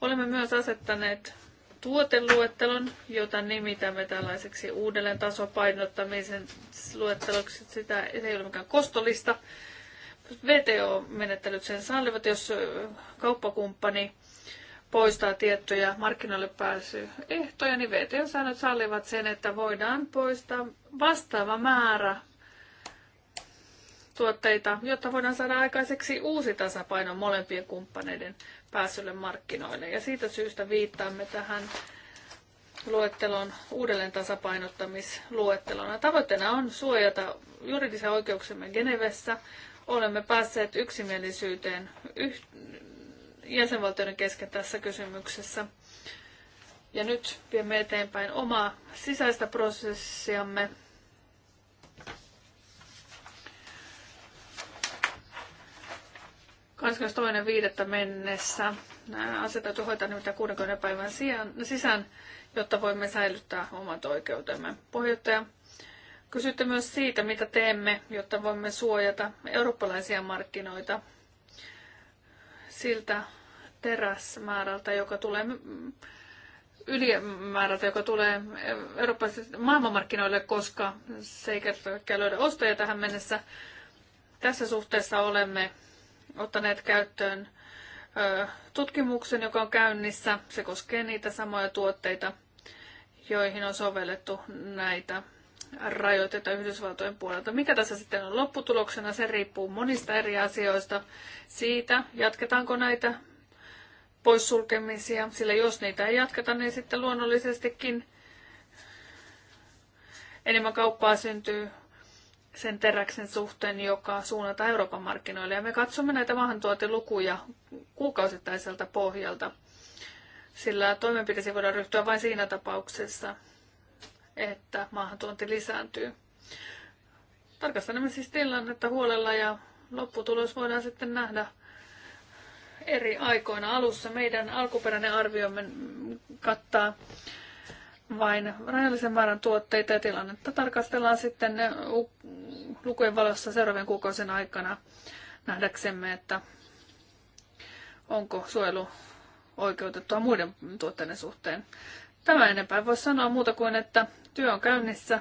Olemme myös asettaneet tuoteluettelon, jota nimitämme tällaiseksi uudelleen tasopainottamisen luetteloksi. Sitä ei ole mikään kostolista. VTO-menettelyt sen sallivat, jos kauppakumppani poistaa tiettyjä markkinoille pääsyehtoja, niin VTO-säännöt sallivat sen, että voidaan poistaa vastaava määrä tuotteita, jotta voidaan saada aikaiseksi uusi tasapaino molempien kumppaneiden pääsylle markkinoille. Ja siitä syystä viittaamme tähän luettelon uudelleen tasapainottamisluettelona. Tavoitteena on suojata juridisia oikeuksemme Genevessä. Olemme päässeet yksimielisyyteen jäsenvaltioiden kesken tässä kysymyksessä. Ja nyt viemme eteenpäin omaa sisäistä prosessiamme. toinen viidettä mennessä nämä asiat täytyy hoitaa nimittäin 60 päivän sisään, jotta voimme säilyttää omat oikeutemme. Pohjoittaja, kysytte myös siitä, mitä teemme, jotta voimme suojata eurooppalaisia markkinoita – siltä teräsmäärältä, joka tulee mm, ylimäärältä, joka tulee eurooppalaisille maailmanmarkkinoille, koska se ei kertakään löydä ostajia tähän mennessä. Tässä suhteessa olemme ottaneet käyttöön tutkimuksen, joka on käynnissä. Se koskee niitä samoja tuotteita, joihin on sovellettu näitä rajoiteta Yhdysvaltojen puolelta. Mikä tässä sitten on lopputuloksena, se riippuu monista eri asioista. Siitä, jatketaanko näitä poissulkemisia, sillä jos niitä ei jatketa, niin sitten luonnollisestikin enemmän kauppaa syntyy sen teräksen suhteen, joka suunnataan Euroopan markkinoille. Ja me katsomme näitä maahantuotelukuja kuukausittaiselta pohjalta, sillä toimenpiteisiin voidaan ryhtyä vain siinä tapauksessa, että maahantuonti lisääntyy. Tarkastelemme siis tilannetta huolella ja lopputulos voidaan sitten nähdä eri aikoina alussa. Meidän alkuperäinen arviomme kattaa vain rajallisen määrän tuotteita ja tilannetta tarkastellaan sitten lukujen valossa seuraavien kuukausien aikana nähdäksemme, että onko suojelu oikeutettua muiden tuotteiden suhteen. Tämä enempää voi sanoa muuta kuin, että työ on käynnissä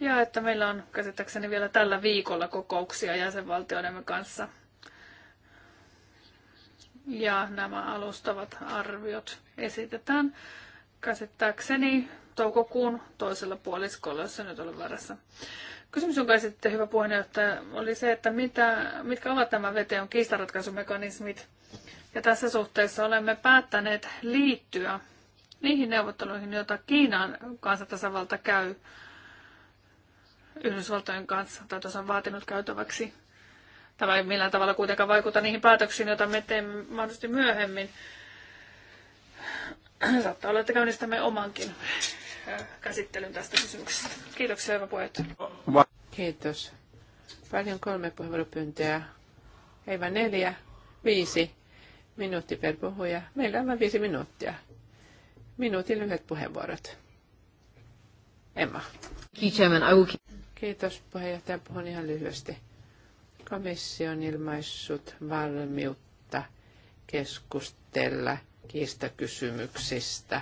ja että meillä on käsittääkseni vielä tällä viikolla kokouksia jäsenvaltioidemme kanssa. Ja nämä alustavat arviot esitetään käsittääkseni toukokuun toisella puoliskolla, jos se nyt ole varassa. Kysymys, jonka esitte, hyvä puheenjohtaja, oli se, että mitä, mitkä ovat nämä VTOn kiistaratkaisumekanismit ja tässä suhteessa olemme päättäneet liittyä niihin neuvotteluihin, joita Kiinan kanssa käy Yhdysvaltojen kanssa, tai tuossa on vaatinut käytäväksi. Tämä ei millään tavalla kuitenkaan vaikuta niihin päätöksiin, joita me teemme mahdollisesti myöhemmin. Saattaa olla, että käynnistämme omankin käsittelyn tästä kysymyksestä. Kiitoksia, hyvä puheenjohtaja. Kiitos. Paljon kolme puheenvuoropyyntöä. Ei vaan neljä, viisi minuutti per puhuja. Meillä on vain viisi minuuttia. Minuutin lyhyet puheenvuorot. Emma. Kiitos puheenjohtaja. Puhun ihan lyhyesti. Komissio on ilmaissut valmiutta keskustella kiistakysymyksistä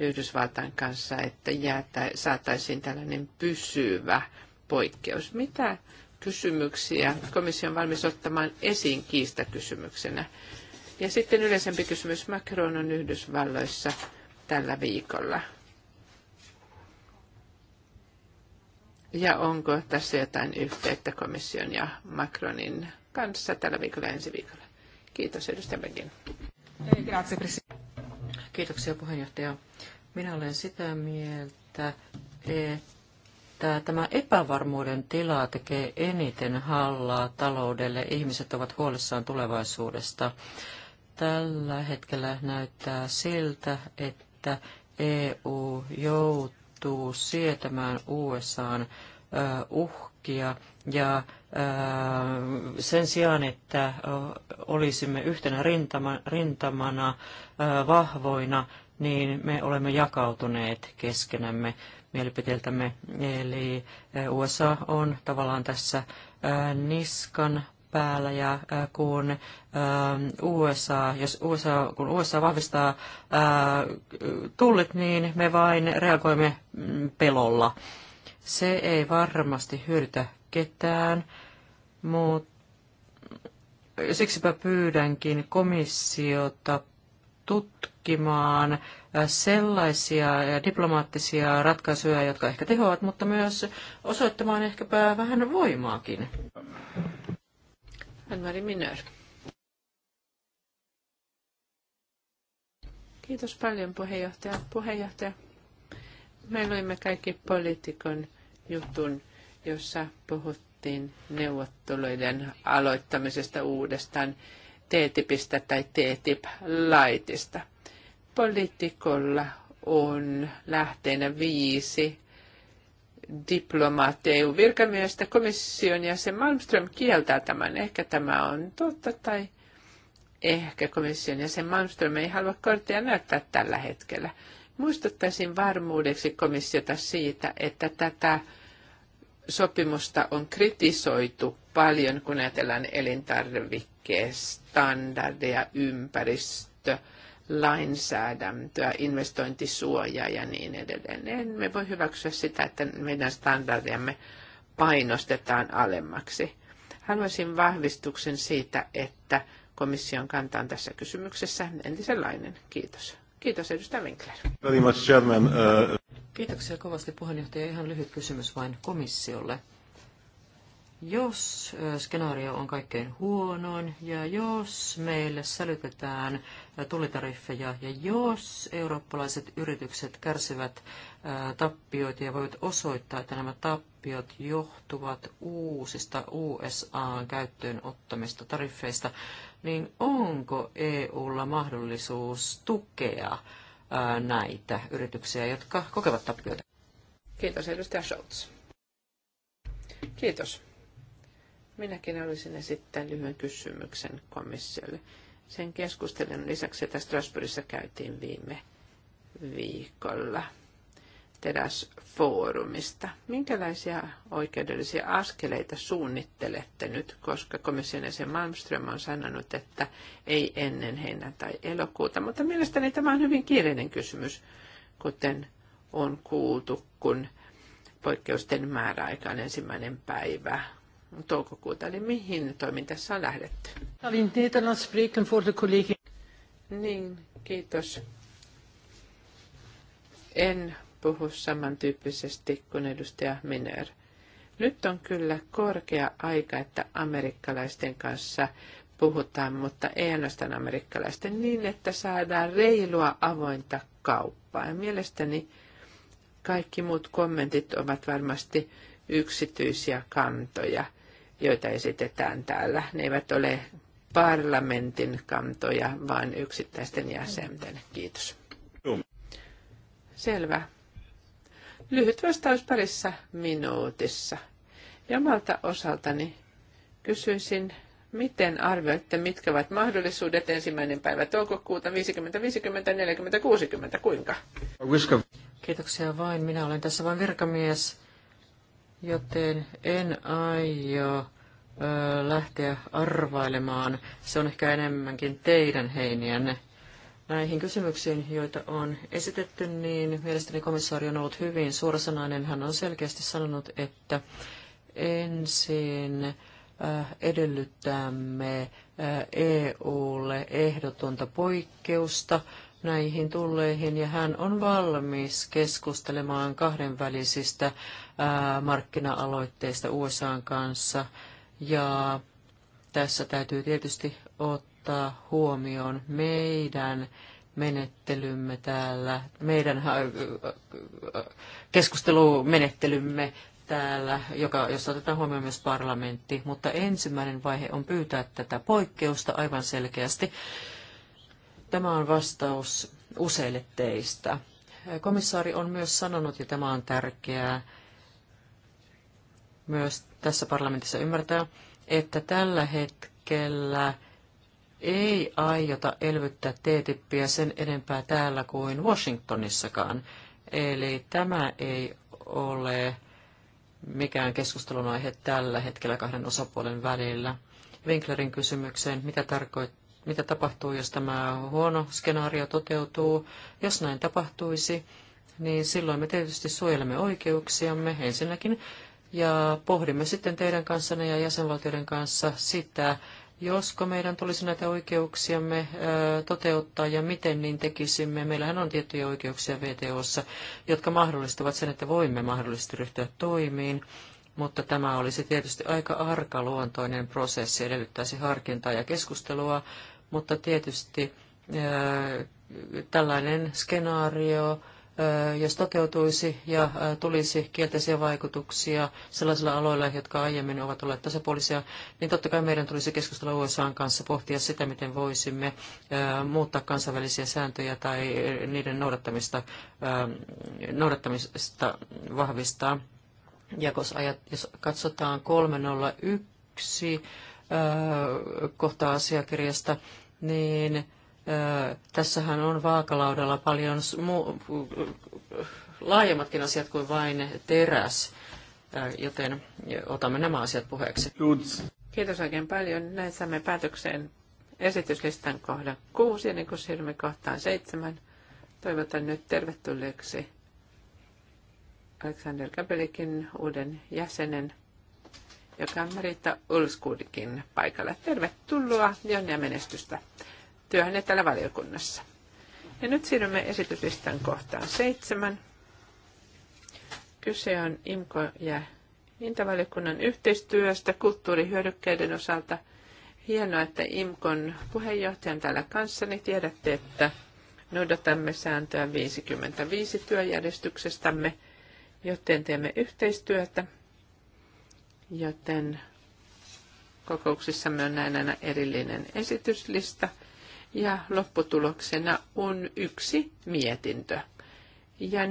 Yhdysvaltain kanssa, että jäätä, saataisiin tällainen pysyvä poikkeus. Mitä kysymyksiä komissio on valmis ottamaan esiin kiistakysymyksenä? Ja sitten yleisempi kysymys. Macron on Yhdysvalloissa tällä viikolla. Ja onko tässä jotain yhteyttä komission ja Macronin kanssa tällä viikolla ensi viikolla? Kiitos, edustaja Begin. Kiitoksia, puheenjohtaja. Minä olen sitä mieltä, että tämä epävarmuuden tila tekee eniten hallaa taloudelle. Ihmiset ovat huolissaan tulevaisuudesta. Tällä hetkellä näyttää siltä, että EU joutuu sietämään USAan uhkia ja sen sijaan, että olisimme yhtenä rintamana vahvoina, niin me olemme jakautuneet keskenämme mielipiteiltämme. Eli USA on tavallaan tässä niskan päällä ja kun USA, jos USA, kun USA vahvistaa tullit, niin me vain reagoimme mm, pelolla. Se ei varmasti hyödytä ketään, mutta siksipä pyydänkin komissiota tutkimaan sellaisia diplomaattisia ratkaisuja, jotka ehkä tehoavat, mutta myös osoittamaan ehkäpä vähän voimaakin mari Minör. Kiitos paljon puheenjohtaja. Puheenjohtaja, me luimme kaikki poliitikon jutun, jossa puhuttiin neuvotteluiden aloittamisesta uudestaan TTIPistä tai TTIP-laitista. Poliitikolla on lähteenä viisi diplomaatti EU-virkamiestä. Komission jäsen Malmström kieltää tämän. Ehkä tämä on totta tai ehkä komission jäsen Malmström ei halua korttia näyttää tällä hetkellä. Muistuttaisin varmuudeksi komissiota siitä, että tätä sopimusta on kritisoitu paljon, kun ajatellaan standardeja, ympäristö, lainsäädäntöä, investointisuojaa ja niin edelleen. Me voi hyväksyä sitä, että meidän standardiamme painostetaan alemmaksi. Haluaisin vahvistuksen siitä, että komission kanta on tässä kysymyksessä entisenlainen. Kiitos. Kiitos edustaja Winkler. Uh, Kiitoksia kovasti puheenjohtaja. Ihan lyhyt kysymys vain komissiolle. Jos skenaario on kaikkein huonoin ja jos meille sälytetään tulitariffeja ja jos eurooppalaiset yritykset kärsivät tappioita ja voivat osoittaa, että nämä tappiot johtuvat uusista USAn käyttöön ottamista tariffeista, niin onko EUlla mahdollisuus tukea näitä yrityksiä, jotka kokevat tappioita? Kiitos edustaja Schultz. Kiitos. Minäkin olisin esittää lyhyen kysymyksen komissiolle. Sen keskustelun lisäksi, että Strasbourgissa käytiin viime viikolla teräsfoorumista. Minkälaisia oikeudellisia askeleita suunnittelette nyt, koska komission jäsen Malmström on sanonut, että ei ennen heinä tai elokuuta, mutta mielestäni tämä on hyvin kiireinen kysymys, kuten on kuultu, kun poikkeusten määräaika on ensimmäinen päivä toukokuuta, eli mihin toimintassa on lähdetty. Niin, kiitos. En puhu samantyyppisesti kuin edustaja Miner. Nyt on kyllä korkea aika, että amerikkalaisten kanssa puhutaan, mutta ei ainoastaan amerikkalaisten, niin että saadaan reilua avointa kauppaa. Ja mielestäni kaikki muut kommentit ovat varmasti yksityisiä kantoja – joita esitetään täällä. Ne eivät ole parlamentin kantoja, vaan yksittäisten jäsenten. Kiitos. Selvä. Lyhyt vastaus parissa minuutissa. Ja omalta osaltani kysyisin, miten arvioitte, mitkä ovat mahdollisuudet ensimmäinen päivä toukokuuta 50, 50, 40, 60, kuinka? Kiitoksia vain. Minä olen tässä vain virkamies joten en aio ö, lähteä arvailemaan. Se on ehkä enemmänkin teidän heiniänne. Näihin kysymyksiin, joita on esitetty, niin mielestäni komissaari on ollut hyvin suorasanainen. Hän on selkeästi sanonut, että ensin edellytämme EUlle ehdotonta poikkeusta näihin tulleihin ja hän on valmis keskustelemaan kahdenvälisistä markkina-aloitteesta USAn kanssa. Ja tässä täytyy tietysti ottaa huomioon meidän menettelymme täällä, meidän keskustelumenettelymme täällä, joka, jossa otetaan huomioon myös parlamentti, mutta ensimmäinen vaihe on pyytää tätä poikkeusta aivan selkeästi. Tämä on vastaus useille teistä. Komissaari on myös sanonut, ja tämä on tärkeää, myös tässä parlamentissa ymmärtää, että tällä hetkellä ei aiota elvyttää TTIPiä sen enempää täällä kuin Washingtonissakaan. Eli tämä ei ole mikään keskustelun aihe tällä hetkellä kahden osapuolen välillä. Winklerin kysymykseen, mitä, tarkoit- mitä tapahtuu, jos tämä huono skenaario toteutuu. Jos näin tapahtuisi, niin silloin me tietysti suojelemme oikeuksiamme ensinnäkin, ja pohdimme sitten teidän kanssanne ja jäsenvaltioiden kanssa sitä, josko meidän tulisi näitä oikeuksiamme toteuttaa ja miten niin tekisimme. Meillähän on tiettyjä oikeuksia VTOssa, jotka mahdollistavat sen, että voimme mahdollisesti ryhtyä toimiin, mutta tämä olisi tietysti aika arkaluontoinen prosessi, edellyttäisi harkintaa ja keskustelua, mutta tietysti tällainen skenaario jos toteutuisi ja tulisi kielteisiä vaikutuksia sellaisilla aloilla, jotka aiemmin ovat olleet tasapuolisia, niin totta kai meidän tulisi keskustella USAn kanssa, pohtia sitä, miten voisimme muuttaa kansainvälisiä sääntöjä tai niiden noudattamista, noudattamista vahvistaa. Ja jos katsotaan 301 kohtaa asiakirjasta, niin tässähän on vaakalaudalla paljon laajemmatkin asiat kuin vain teräs, joten otamme nämä asiat puheeksi. Kiitos oikein paljon. Näin saamme päätökseen esityslistan kohdan kuusi, ennen kuin siirrymme kohtaan seitsemän. Toivotan nyt tervetulleeksi Alexander Kapelikin uuden jäsenen, joka on Marita Ulskudikin paikalla. Tervetuloa ja menestystä työhönne täällä valiokunnassa. Ja nyt siirrymme esityslistan kohtaan seitsemän. Kyse on IMKO- ja Intavaliokunnan yhteistyöstä kulttuurihyödykkeiden osalta. Hienoa, että IMKON puheenjohtajan täällä kanssani tiedätte, että noudatamme sääntöä 55 työjärjestyksestämme, joten teemme yhteistyötä. Joten kokouksissamme on näin aina erillinen esityslista – ja lopputuloksena on yksi mietintö. Ja